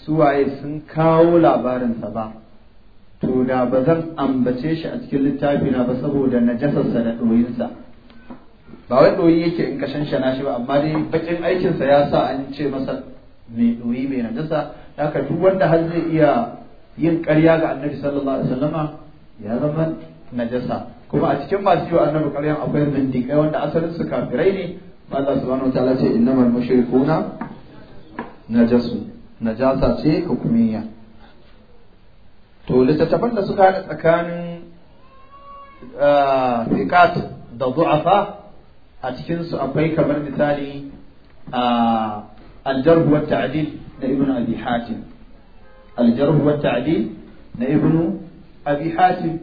Su waye sun kawo labarinsa ba to da ba zan ambace shi a cikin littafi na ba saboda najasarsa da ɗoyinsa ba wai ɗoyi yake in ka shanshana shi ba amma dai bakin aikinsa ya sa an ce masa mai ɗoyi mai najasa ka duk wanda har zai iya yin ƙarya ga annabi sallallahu alaihi wasallama ya zama najasa kuma a cikin masu yiwa annabi ƙaryan akwai zindiƙai wanda asalin su kafirai ne Allah subhanahu wa ta'ala ce innamal mushrikuna najasu najasa ce hukumiyya to littattafan da suka haɗa tsakanin fiqat da du'afa a cikinsu akwai kamar misali a aljarhu wa ta'dil na ibnu abi hatim aljarhu wa ta'dil na ibnu abi hatim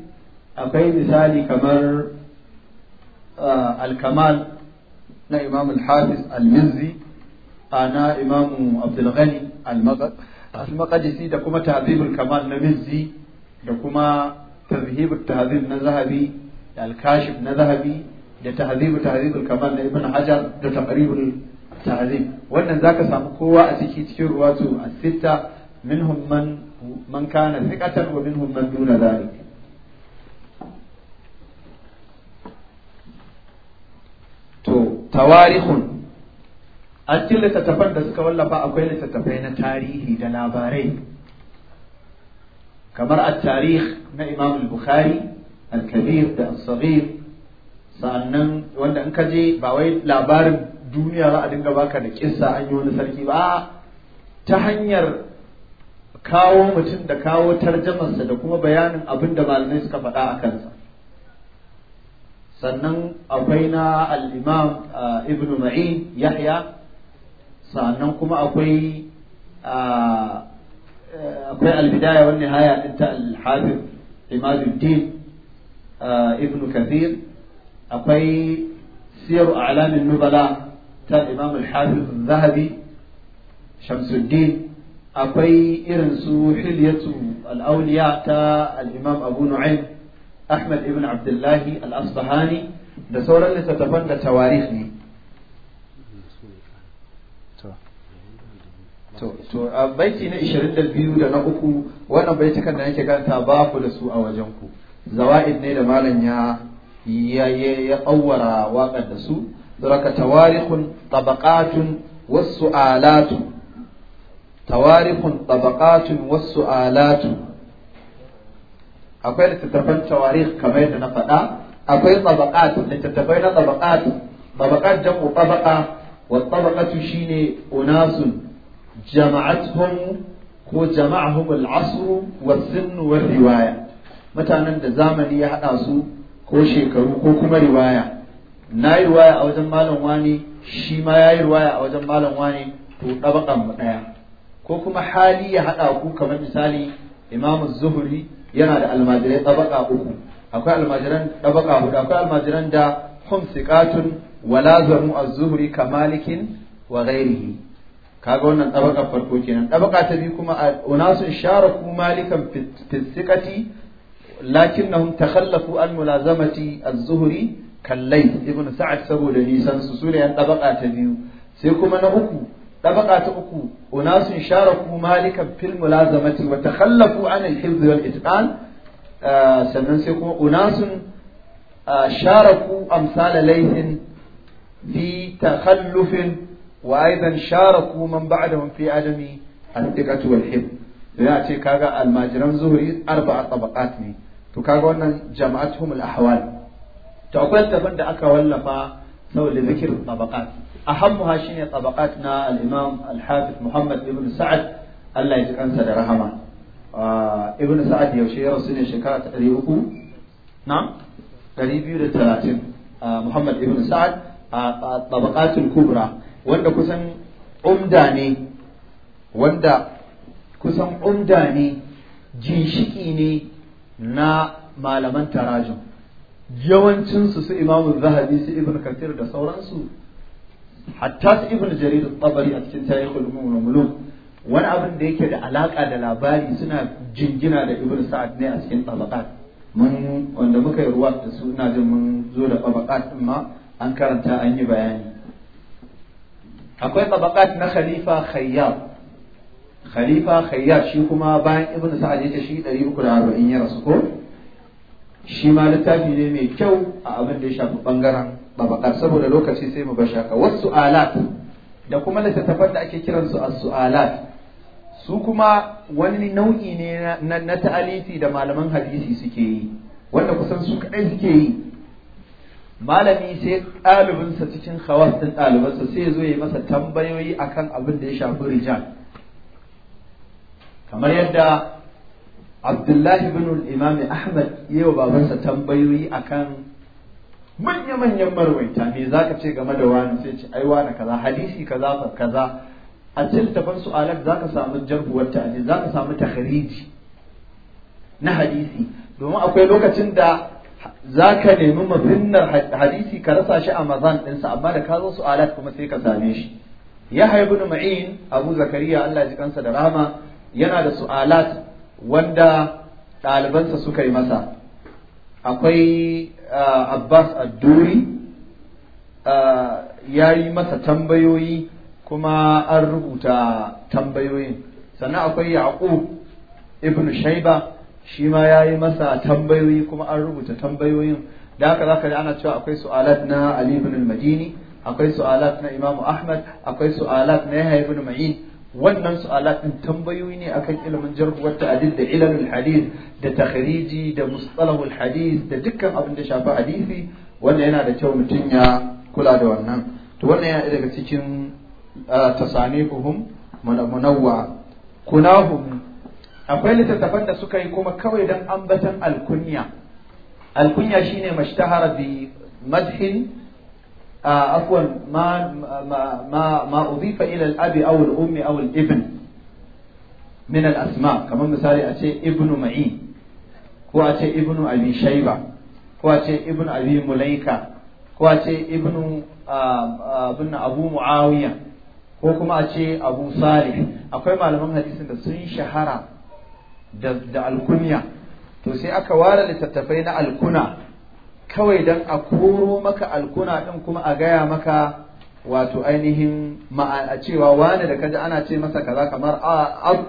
akwai misali kamar alkamal na imam al-hafiz al-mizzi na imamu abdulghani al-maqdisi da kuma tahzibul kamal na mizzi da kuma tarhibul tahzib na zahabi da al-kashif na zahabi da tahzibu tahzibul kamal na ibn hajar da taqribul tahzib wannan zaka samu kowa a ciki cikin ruwatu as-sitta minhum man man kana thiqatan wa minhum man duna dhalik to tawarikhun a cikin littattafan da suka wallafa akwai littattafai na tarihi da labarai kamar a tarihi na Imam al-Bukhari al-Kabir da al-Saghir sannan wanda in ka je ba wai labarin duniya za a dinga baka da kissa an yi wani sarki ba ta hanyar kawo mutum da kawo tarjamarsa da kuma bayanin abin da malamai suka faɗa a kansa sannan akwai na al'imam ah, ibn ma'in yahya sannan kuma akwai akwai albidaya wani haya ɗin ta alhabib imaduddin ibn kathir akwai siyar alamin nubala ta imam alhabib zahabi shamsuddin akwai irin su hilyatu al'auliya ta al'imam abu nu'aym ahmad ibn abdullahi al-asbahani da sauran littattafan da tawarikh ne to to a baiti na 22 da na uku wannan baitukan da nake ganta ba ku da su a wajen ku zawaid ne da malam ya ya ya kawwara waƙar da su zaraka tawarikhun tabaqatun was-su'alatu tawarikhun tabaqatun was-su'alatu akwai littattafan tawarikh kamar yadda na faɗa akwai tabaqat littattafai na tabaqat tabaqat jam'u tabaqa wa tabaqatu shine unasun jama'atuhum ko jama'ahum al-asr wa sin wa riwaya mutanen da zamani ya hada su ko shekaru ko kuma riwaya na yi riwaya a wajen malam wani shi ma ya yi riwaya a wajen malam wani to dabakan mu ɗaya ko kuma hali ya hada ku kamar misali imamu zuhuri yana da almajirai ɗabaƙa uku akwai almajiran dabaka hudu akwai almajiran da hum wala zamu az-zuhri kamalikin wa ghairihi kaga wannan tabaka farko kenan tabaka ta biyu kuma unasun ku malikan na lakinnahum takhallafu an mulazamati az-zuhri kallai ibn sa'ad saboda nisan su ne yan tabaka ta biyu sai kuma na uku tabaka ta uku unasun ku malikan fil mulazamati wa takhallafu an al-hifz wal itqan sannan sai kuma unasun ku amsal layhin fi takhallufin وأيضا شاركوا من بعدهم في عدم الدقة والحب لنأتي كاغا الماجران زهري أربع طبقات ني to kaga wannan jama'atuhum al-ahwal to akwai tafin da aka wallafa saboda zikirin tabaqat ahammuha shine tabaqat na al-imam al-hafiz Muhammad ibn Sa'ad Allah ya ji kansa da rahama ibn Sa'ad yaushe ya rasu ne shekara Muhammad ibn Sa'ad a tabaqatul kubra wanda kusan umda ne wanda kusan umda ne jinshiki ne na malaman tarajin yawancinsu su imamun zahabi su ibn kasir da sauransu hatta su ibn jarir tabari a cikin tarihul mulmulun wani abin da yake da alaka da labari suna jingina da ibn sa'ad ne a cikin tabaqat mun wanda muka yi ruwa da su ina jin mun zo da tabaqat ma an karanta an yi bayani akwai tabaqat na khalifa khayyar khalifa khayyar shi kuma bayan ibnu sa'ad ya shi 340 ya rasu ko shi ma littafi ne mai kyau a abin da ya shafi bangaren tabaqat saboda lokaci sai mu bashaka wasu alat da kuma littattafan da ake kiransu as-su'alat su kuma wani nau'i ne na ta'alifi da malaman hadisi suke yi wanda kusan su kadai suke yi malami sai ɗalibinsa cikin khawas ɗin ɗalibansa sai zo ya masa tambayoyi akan abin da ya shafi rijal kamar yadda abdullahi bin imam ahmad ya wa babansa tambayoyi akan manya-manyan marwaita me za ka ce game da wani sai ce aiwa na kaza hadisi kaza fa kaza a cikin su su'alat za ka samu jarhuwar ta'ani za ka samu takhriji na hadisi domin akwai lokacin da za ka nemi mafinnar hadisi ka rasa shi a mazan ɗinsa amma da ka zo su alat kuma sai ka same shi ya haibu na ma'in abu zakariya allah ji kansa da rahama yana da su'alat wanda ɗalibansa suka yi masa akwai uh, abbas adduri uh, ya yi masa tambayoyi kuma an rubuta tambayoyin sannan akwai yaqub ibn shaiba shi ma ya yi masa tambayoyi kuma an rubuta tambayoyin da haka za ka ji ana cewa akwai su'alat na Ali ibn al-Madini akwai su'alat na Imam Ahmad akwai su'alat na Yahya ibn Ma'in wannan su'alat din tambayoyi ne akan ilimin jarhuwar wa ta'dil da ilmul hadith da takhriji da mustalahul hadith da dukkan abin da shafi hadisi wanda yana da kyau mutum ya kula da wannan to wannan ya daga cikin ah, tasanifuhum munawwa kunahum akwai littattafan da suka yi kuma kawai don ambatan alkunya alkunya shine mashtahara bi madhin afwan ma ma ma udifa ila al-abi aw al-ummi aw al-ibn min al-asma kamar misali a ce ibnu ma'i ko a ce ibnu abi shayba ko a ce ibnu abi mulaika ko a ce ibnu abun abu muawiya ko kuma a ce abu salih akwai malaman hadisin da sun shahara da alkunya to sai aka ware littattafai na alkuna kawai don a koro maka alkuna ɗin kuma a gaya maka wato ainihin ma'ana cewa wani da kaji ana ce masa kaza kamar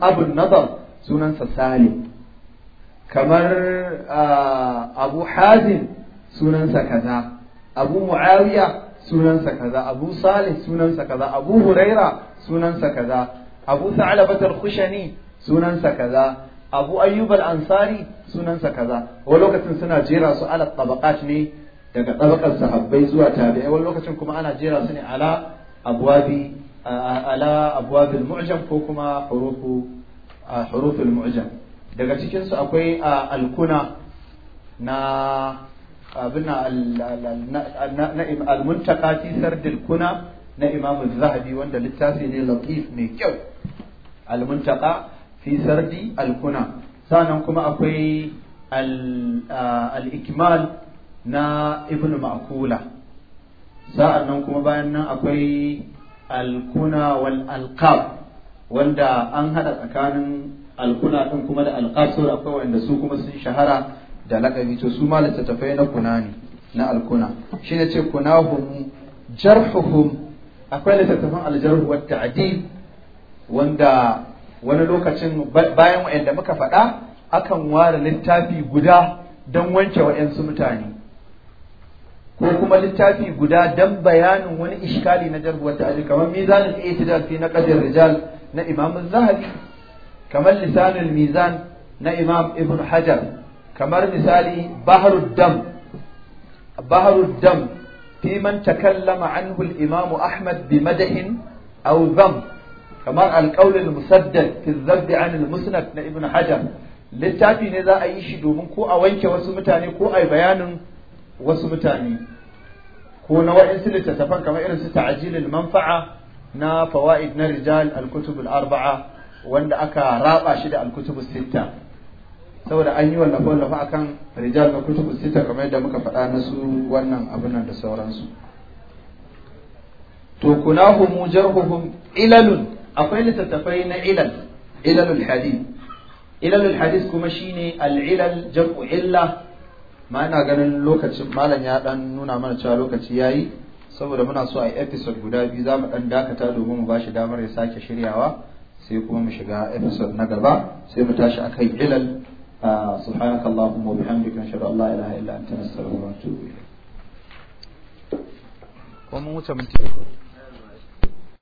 abun nazar sunansa salim kamar abu hazin sunansa kaza abu mu'awiya sunansa kaza abu salih sunansa kaza abu huraira sunansa kaza abu sa'alabatar kushani sunansa kaza abu ayyubal al-ansari sunansa kaza wani lokacin suna jera su ala tabaqat ne daga tabaqar sahabbai zuwa tabi'ai wani lokacin kuma ana jera su ne ala abwabi ala abwabil mu'jam ko kuma hurufu huruful mu'jam daga cikin su akwai al na abin al-muntaka fi sardil kuna na imam zahabi wanda littafi ne latif mai kyau al-muntaka fi sardi alkuna sannan kuma akwai al-ikmal na ibn ma'kula sa'annan kuma bayan nan akwai alkuna wal alqab wanda an haɗa tsakanin alkuna ɗin kuma da alqab akwai wanda su kuma sun shahara da lakabi to su ma littattafai na kuna ne na alkuna shi ne ce kunahum jarhuhum akwai littattafan aljarhu wa ta'dil wanda wani lokacin bayan wa'anda muka faɗa akan ware littafi guda don wanke wa'yansu mutane ko kuma littafi guda don bayanin wani ishkali na jarhuwar ta'adil kamar mizanin itidal fi na qadir rijal na imam zahabi kamar lisanul mizan na imam ibn hajar kamar misali baharud dam baharud dam fi man takallama anhu al-imam ahmad bi madahin aw kamar alƙaulin musaddal fi zabdi an musnad na ibn hajar littafi ne za a yi shi domin ko a wanke wasu mutane ko a yi bayanin wasu mutane ko na wa'insu littattafan kamar irin su ta'jilul manfa'a na fawaid na rijal al-kutub al-arba'a wanda aka raba shi da al-kutub sitta saboda an yi wallafa wallafa akan rijal na kutub sitta kamar yadda muka faɗa na su wannan abin nan da sauransu to kunahum jarhuhum ilalun akwai littattafai na ilal ilalul hadith ilalul hadith kuma shine al-ilal jam'u illa ma ina ganin lokacin malam ya dan nuna mana cewa lokaci yayi saboda muna so a episode guda biyu za mu dan dakata domin mu bashi damar ya sake shiryawa sai kuma mu shiga episode na gaba sai mu tashi akan ilal سبحانك اللهم
وبحمدك نشهد ان لا اله الا انت نستغفرك
ونتوب اليك